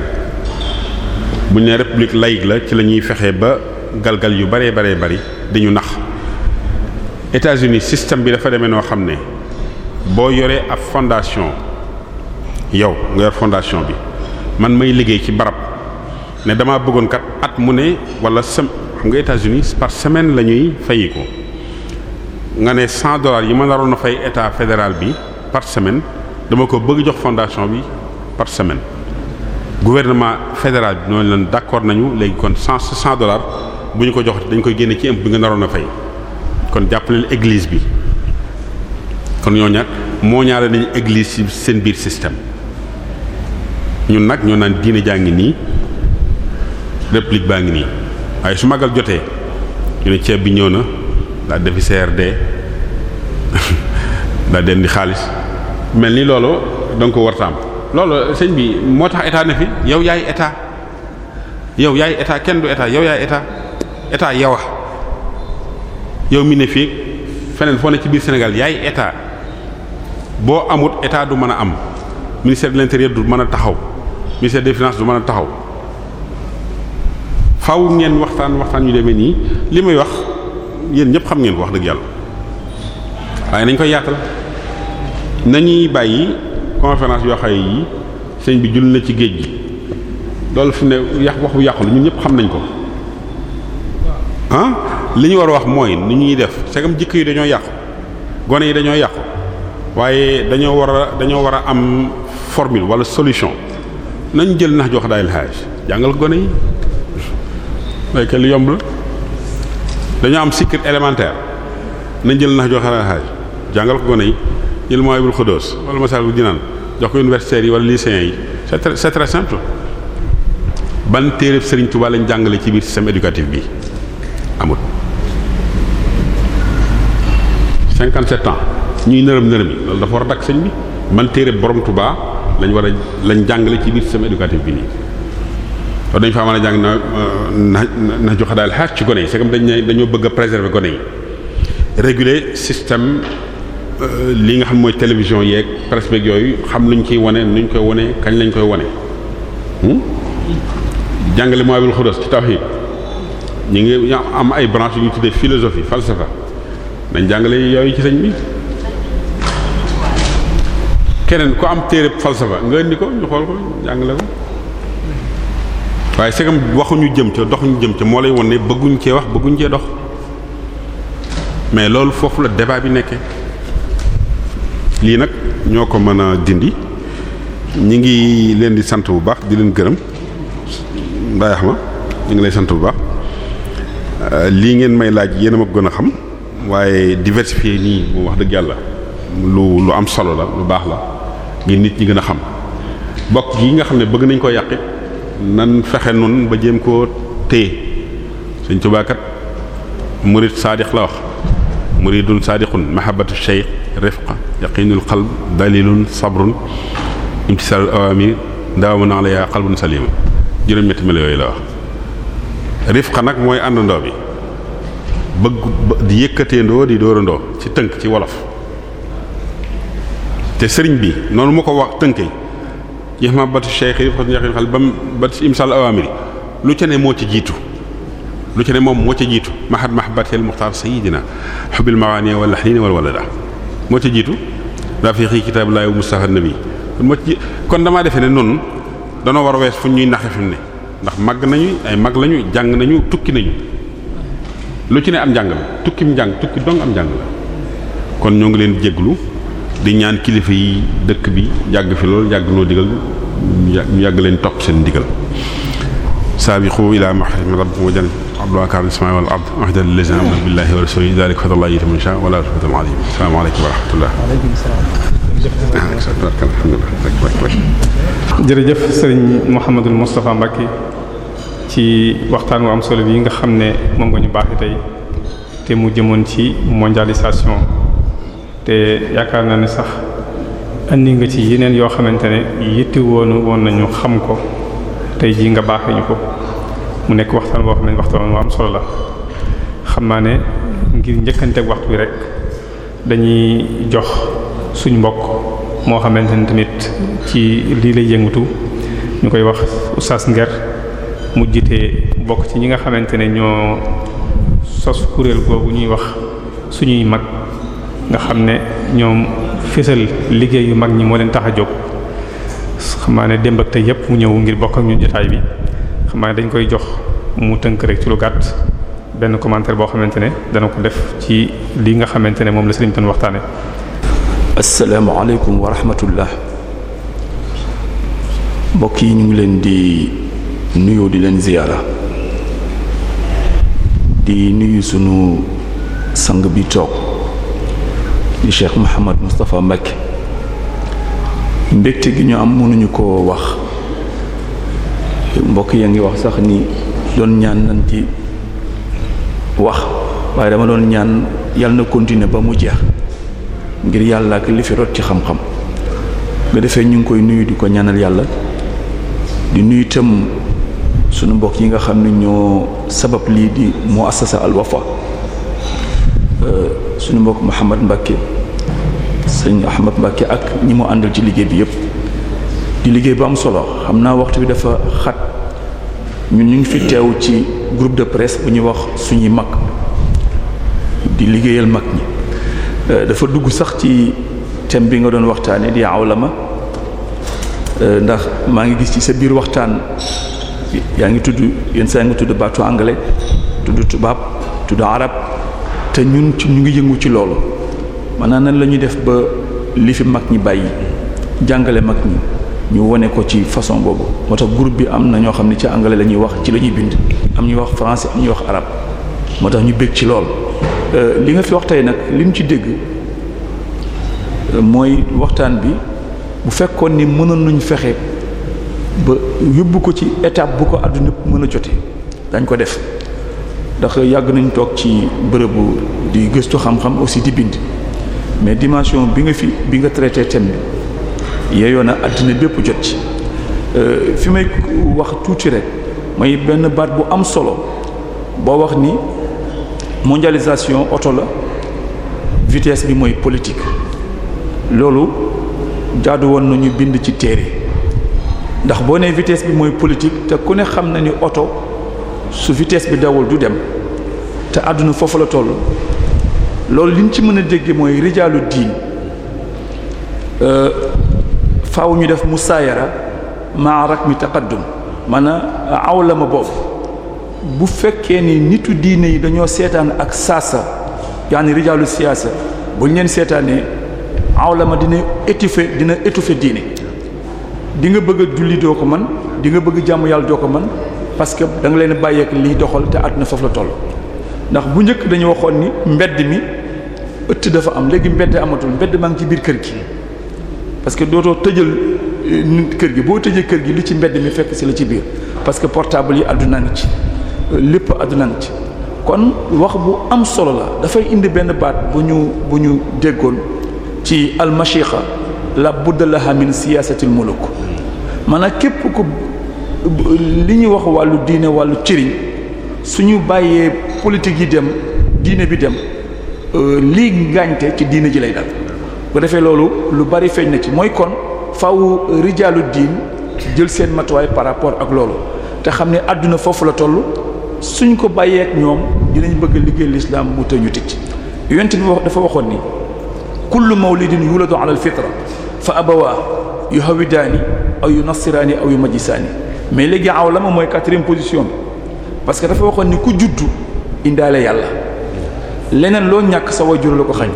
bu ne nee république la ci la ñuy fexee ba galgal yu baree baree bari dañu nax États-Unis système bi dafa demee noo xam ne boo yoree ab fondation yow nga yor fondation bi man may liggéey ci barab ne damaa bëggoon kat at mu ne wala sem xam nga états par semaine la ñuy fayi ko nga ne cent dollars yi ma naroon a fay état fédéral bi par semaine. dama ko bëgg jox fondation bi par semaine gouvernement fédéral bi noonu leen d'accord nañu léegi kon cent cent dollars bu ñu ko jox dañ koy génne ci impôt bi nga naroon a fay kon jàppaleel église bi kon ñoo ñag moo ñaare nañu eglise ci seen biir système ñun nag ñoo naan diine jaa nii réplique baa ngi nii waaye su magal jotee ñu ceeb bi ñëw na daa defi de daa den xaalis mel ni loolu da nga ko war loolu sëñ bi moo tax état ne fi yow yaay état yow yaay état kenn du état yow yaay état état yow yow mi ne fii feneen foo ne ci biir Sénégal yaay état boo amut état du mën a am ministère de l'intérieur du mën a taxaw ministère des finances du mën a taxaw faw ngeen waxtaan waxtaan yu demee nii li may wax yéen ñëpp xam ngeen wax dëgg yàlla waaye nañ koy yaatal. nañuy bàyyi conférence yoo xaye yi sëñ bi jul na ci géej gi loolu fi ne yàq waxu yàqu la ñun ñëpp xam nañ ko ah li ñu war a wax mooy ni ñuy def segam jikko yi dañoo yàqu gone yi dañoo yàqu waaye dañoo war a dañoo war a am formule wala solution nañ jël nax jox daayil jàngal gone yi léegi lu yomb dañoo am cycle élémentaire nañ jël nax jox jàngal ko gone yi jël Mawahibul Xudóos wala Masaalikul Jinaan jox ko universitaires yi wala lycéens yi c'est très c'est très simple ban téereb Serigne Touba lañ jàngale ci biir système éducatif bi amul. 57 ans ñuy nërëm nërëm yi loolu dafa war a dakk sëñ bi ban téereb borom Touba lañ war a lañ jàngale ci biir système éducatif bi nii. kon dañu faa mën jàng na na na joxe daal xaar ci gone yi c'est dañ dañoo bëgg a préserver gone yi réguler système. Euh, li nga xam mooy télévision yeeg presse yooyu xam luñ ciy wane nuñ koy wane kañ lañ koy wane. Hmm? jàngale mooy abul xudas ci tawhid ñu ngi am ay branche yu ñu tuddee philosophie falsafa nañ jàngale yooyu ci sëñ bi keneen ku am téere falsafa nga indi ko ñu xool ko jàngale ko waaye segam waxuñu jëm ca doxuñu jëm ca moo lay won ne bëgguñu cee wax bëgguñ cee dox mais loolu foofu la débat bi nekkee lii nag ñoo ko mën a dindi ñu ngi leen di sant bu baax di leen gërëm Mbaye Axma ñu ngi lay sant bu baax euh, lii ngeen may laaj yéen a ma gën a xam waaye diversifier nii moom wax dëgg yàlla lu lu am solo la lu baax la ngir nit ñi gën a xam bokk yi nga xam ne bëgg nañ ko yàqit nan fexe nun ba jéem koo téye Sëriñ Tuubaa kat murid saadiq la wax muridun saadiqun mahabbatu shaykh rifqa yaqiinul qalb dalilun sabrun imtisaalul awaamir daawamun alayha qalbun salima juróom-ñetti melo yooyu la wax rifqa nag mooy àndandoo bi bëgg yëkkateendoo di dóorandoo ci tënk ci wolof te sëriñ bi noonu mu ko wax tënkee yéex ma batu cheikh yi xos njaqin xal bam bat lu ca ne moo ci jiitu lu ca ne moom moo ci jiitu mahat mahabatel muxtaar sayidina xubil mawaani wala xaniina wala walada moo ci jiitu rafiqi kitaabullahi wa mustahan nabi kon moo ci kon damaa defee ne noonu danoo war a wees fu ñuy naxe fi ne ndax màgg nañu ay mag lañu jàng nañu tukki nañu lu ci ne am njàng la tukkim njàng tukki dong am njàng la kon ñoo ngi leen jéglu di ñaan kilifa yi dëkk bi yàgg fi lool yàgg noo digal ñu yàgg leen topp seen digal saabiqu ilaa maxrim rabbikum wa jannah abdu akar ismaa wal ard ahdal lazina amanu billahi wa rasulihi dalika fadlullah yu'tihi man yasha wala fadlun azim assalamu alaykum wa rahmatullah jërëjëf sëriñ Mouhamadul Moustapha Mbacke ci waxtaan wu am solo yi nga xam ne moom nga ñu baax tey te mu jëmoon ci mondialisation te yaakaar naa ne sax andi nga ci yeneen yoo xamante ne yitti woonu woon nañu xam ko tey jii nga baaxee ñu ko mu nekk waxtaan boo xam ne waxtaan wu am solo la xam naa ne ngir njëkkanteeg waxtu bi rek dañuy jox suñ mbokk moo xamante ne tamit ci lii lay yëngatu ñu koy wax sas Nger mu jiite bokk ci ñi nga xamante ne ñoo sos kuréel googu ñuy wax suñuy mag nga xam ne ñoom fésal liggéey yu mag ñi moo leen tax a jóg xam ne démb ak yëpp mu ñëw ngir bokk ak ñun jotaay bi. xam dañ koy jox mu tënk rek ci lu gàtt benn commentaire boo xamante ne dana ko def ci li nga xamante ne moom la sëriñ doon waxtaane asalaamaaleykum wa rahmatullah mbokk yi ñu ngi leen di nuyoo di leen ziyaara di nuyu sunu sang bi toog di Cheikh Mouhamad Moustapha Mbacké mbégte gi ñu am mënuñu ko wax mbokk yaa ngi wax sax ni doon ñaan nañ ci wax waaye dama doon ñaan yàlla na continuer ba mu jeex ngir yàlla ak li rot ci xam-xam nga defee ñu ngi koy nuyu di ko ñaanal yàlla di nuyu itam sunu mbokk yi nga xam ne ñoo sabab lii di moo assasa al wafa sunu mbokk Mouhamad Mbacke sëñ Ahmad Mbacke ak ñi mu àndal ci liggéey bi yépp di liggéey bu am solo xam naa waxtu bi dafa xat ñun ñu ngi fi teew ci groupe de presse bu ñuy wax suñuy mag di liggéeyal mag ñi euh, dafa dugg sax ci thème bi nga doon waxtaanee di awlama euh, ndax maa ngi gis ci sa biir waxtaan yaa ngi tudd yenn saa nga tudd baatu anglais tudd tubaab tudd arab te ñun ci ñu ngi yëngu ci loolu maanaam nan la ñuy def ba li fi mag ñi bàyyi jàngale mag ñi. ñu wone ko ci façon boobu moo tax groupe bi am na ñoo xam ne ci anglais la ñuy wax ci la ñuy bind am ñuy wax français am ñuy wax arabe moo tax ñu bég ci lool euh, li nga fi wax tey nag li mu ci dégg mooy waxtaan bi bu fekkoon ni mënoon nañu fexe ba yóbbu ko ci étape bu ko àdduna mën a jote dañ ko def ndax yàgg nañ toog ci bërëbu di gëstu xam-xam aussi di bind mais dimension bi nga fi bi nga traité thème yeeyoo na àddina bépp jot ci euh, fi may wax tuuti rek mooy benn baat bu am solo boo wax ni mondialisation oto la vitesse bi mooy politique loolu jaadu woon nañu bind ci téere ndax boo ne vites bi mooy politique te ku ne xam na ni oto su vites bi dawul du dem te àdduna foofu la toll loolu liñ ci mën a dégge mooy rijaalu diin euh, faaw ñu def musaayara ma mi taqaddum maanaam awlama boobu bu fekkee ni nitu diine yi dañoo seetaan ak saasa yaani rijaalu siyaasa bu ñu leen seetaanee awlama dina étouffé dina étouffé diine di nga bëgg a julli doo ko man di nga bëgg jàmm yàlla doo ko man parce que da nga leen bàyyeek liy doxal te àdduna foofu la toll ndax bu njëkk dañu waxoon ni mbedd mi ëtt dafa am léegi mbedd amatul mbedd maa ngi ci biir kër gi parce que dootoo tëjal euh, kër gi boo tëjee kër gi li ci mbedd mi fekk si la ci biir parce que portable yi àdduna na ci euh, lépp àdduna na ci kon wax bu am solo la dafay indi benn baat bu ñu bu ñu déggoon ci almashiqa la budda la min siyaasatil muluk maanaam képp ku li ñuy wax wàllu diine wàllu ciriñ suñu bàyyee politique yi dem diine bi dem euh, lii ngaañte ci diine ji lay dal bu defee loolu lu bari feeñ na ci mooy kon faw rijaalu diin jël seen matuwaay par rapport ak loolu te xam ne àdduna foofu la toll suñ ko bàyyeek ñoom dinañ bëgg liggéey lislaam mu te ñu ticc yonent bi dafa waxoon ni kullu mawlidin yuladu ala alfitra fa abawaa yuhawidaani aw yu yunassiraani aw yumajjisaani mais léegi aw la ma mooy quatrième position bi parce que dafa waxoon ni ku juddu indaale yàlla leneen loo ñàkk sa wayjur la ko xañ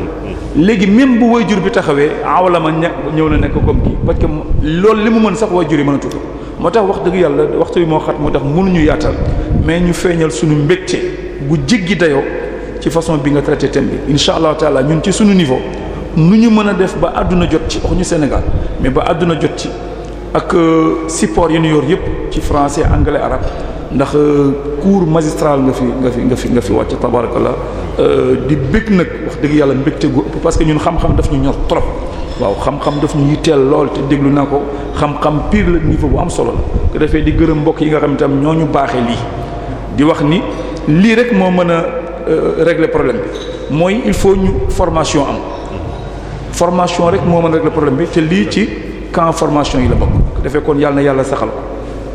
léegi même bu jur bi taxawee awla ma ña ñëw na nekk comme kii parce que loolu li mu mën sax wayjur yi mënatu ko moo tax wax dëgg yàlla waxtu bi moo xat moo tax mënuñu yaatal mais ñu feeñal suñu mbégte bu jéggi dayoo ci façon bi nga traité thème bi incha allah taala ñun ci suñu niveau nu ñu mën a def ba àdduna jot ci wax ñu Sénégal mais ba àdduna jot ci ak euh, support yi ñu yor yëpp ci français anglais arabe ndax euh, cours magistral nga fi nga fi nga fi nga fi wàcc tabarakallah euh, di bëgg nag wax dëgg yàlla mbégte gu ëpp parce que ñun xam-xam daf ñu ñor trop waaw xam-xam daf ñu yitteel lool te déglu naa ko xam-xam pire la niveau bu am solo la ko defee di gërëm mbokk yi nga xam itam ñoo ñu baaxee lii di wax ni lii rek moo mën a euh, régler problème bi mooy il faut ñu formation am formation rek moo mën a régler problème bi te lii ci camp formation yi la bokk defee kon yàlla na yàlla saxal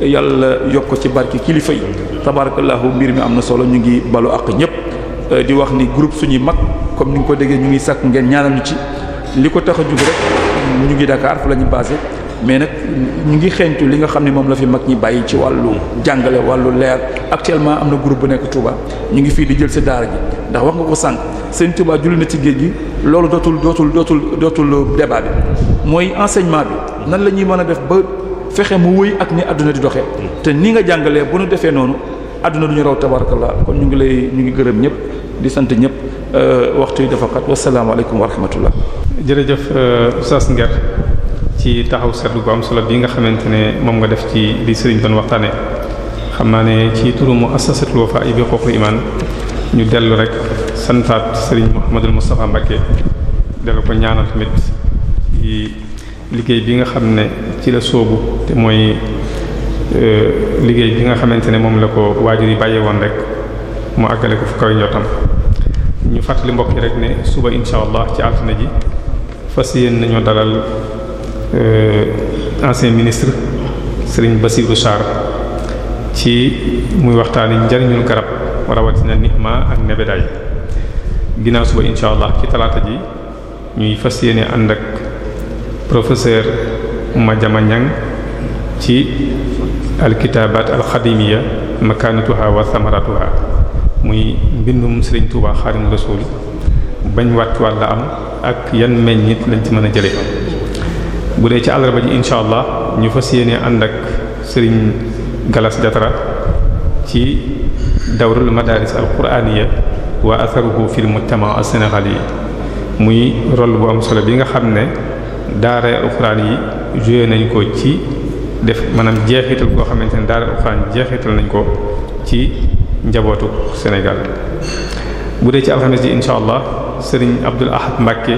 yàlla yokk ci barki kilifa yi tabarakallahu mbir mi am na solo ñu ngi balu ak ñëpp euh, di wax ni groupe suñuy mag comme ni nga ko déggee ñu ngi sàkk ngeen ñaanal ñu ci li ko tax a jug rek ñu ngi dakaar fu la ñu basé mais nag ñu ngi xeeñtu li nga xam ne moom la fi mag ñi bàyyi ci wàllu jàngale wàllu leer actuellement am na groupe bu nekk Touba ñu ngi fii di jël si daara ji ndax wax nga ko sànq seen Touba na ci géej gi loolu dootul dootul dootul dootul débat mooy enseignement bi la ñuy mën a def ba fexe mu wëy ak ni adduna di doxee te ni nga jàngalee bu nu defee noonu adduna du ñu raw tabarakallah kon ñu ngi lay ñu ngi gërëm ñëpp di sant ñëpp euh, waxtu yi dafa xat wasalaamaaleykum wa rahmatullah jërëjëf euh, ci taxaw seetlu gu am solo bi nga xamante ne moom nga def ci li sëriñ doon waxtaane xam naa ne ci turu muassasatul Wafa bi xooxu imaan ñu dellu rek santaat sëriñ Mouhamadul Moustapha Mbacké dellu ko ñaanal tamit liggéey bi nga xam ne ci la soobu te mooy euh, liggéey bi nga xamante ne moom la ko waajur yi bàyyee woon rek mu àggale ko fu kaw ñu fàttali mbokk yi rek ne suba insha ci altine ji fas yéen nañoo dalal euh, ancien ministre Serigne Bassirou Sarr ci muy waxtaani njariñul garab rawatina nihma ak nebedaay ginnaaw suba insha ci talaata ji ñuy fas yéene ànd ak professeur Madiama Niang ci alkitabat alxadimiya makaanatuha wa samaratuha muy mbindum Serigne Touba Xaadimu Rasuul bañ wàccuwaat la am ak yan meññit lañ ci mën a jële bu dee ci àllarba ji incha allah ñu fa yéene ànd ak Serigne Galas Jatara ci dawrul madaris alquraaniya wa atharuhu fil mujtama as-sénégalais yi muy rôle bu am solo bi nga xam ne daara alxuraan yi joué nañ ko ci def maanaam jeexital koo xamante ne daara alxuraan jeexital nañ ko ci njabootu Sénégal bu dee ci alxames yi incha allah sëriñ Abdul Ahad Mbacke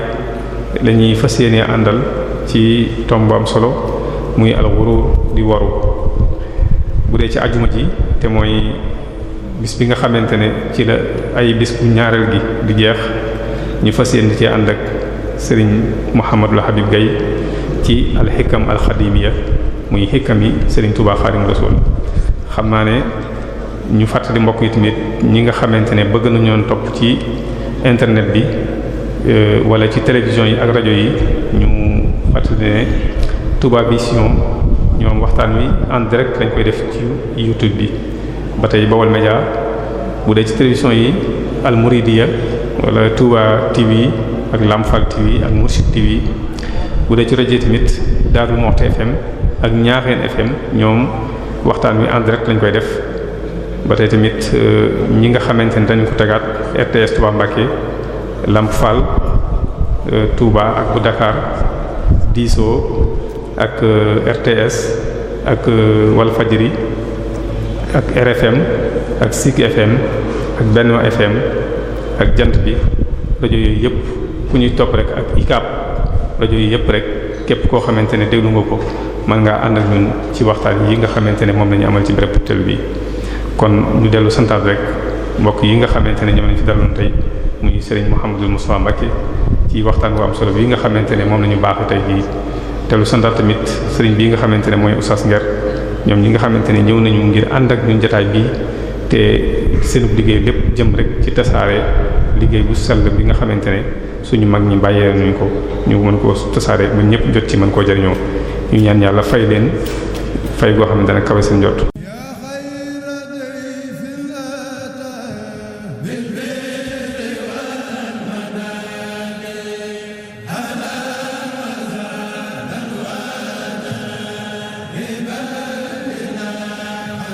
la ñuy fas yéenee àndal ci tomb am solo muy alxurur di waru bu dee ci ajuma ji te mooy bis bi nga xamante ne ci la ay bis bu ñaareel gi di jeex ñu fas yéene cee ànd ak. sëriñ Mouhamadul Habib Gaye ci alxikam alxadimiya muy xikam yi sëriñ Touba Xaadimu Rasuul xam naa ne ñu fàttali mbokk yi tamit ñi nga xamante ne bëgg nañoon topp ci internet bi euh, wala ci télévision yi ak rajo yi ñu fàttali ne Touba Vision ñoom waxtaan wi en direct lañ koy def ci YouTube bi ba tey Bawol Média bu dee ci télévision yi Al Mouridiya wala Touba TV ak Lamfal TV ak Mourchid TV bu dee ci rajo tamit Darou Moukhty FM ak Niakhène FM ñoom waxtaan wi en direct lañ koy def ba tey tamit euh, ñi nga xamante ne dañu ko tegaat RTS Touba Mbacké Lamp Fall euh, ak bu Dakar diisoo ak euh, RTS ak Walfadjri ak RFM ak Sik FM ak Benno FM ak Jant bi rajo yooyu yëpp. ku ñuy topp rek ak ICAP rajo yi yëpp rek képp koo xamante ne déglu nga ko mën ngaa ànd ak ñun ci waxtaan yi nga xamante ne moom la ñu amal ci béréb tël bi. kon ñu dellu santaat rek mbokk yi nga xamante ne ñoom lañ fi tey muy Serigne Mouhamadou Moussa Mbacké ci waxtaan bu am solo bi nga xamante ne moom la ñu baaxee tey jii te lu santaat tamit Serigne bii nga xamante ne mooy Oustaz Nguer ñoom ñi nga xamante ne ñëw nañu ngir ànd ak ñun jotaay bi te seen liggéey lépp jëm rek ci tasaare liggéey bu sell bi nga xamante ne. suñu mag ñi bàyyee nañu ko ñëw mën koo tasaare ba ñëpp jot ci man koo jëriñoo ñu ñaan yàlla fay leen fay goo xam ne dana kawe seen jot.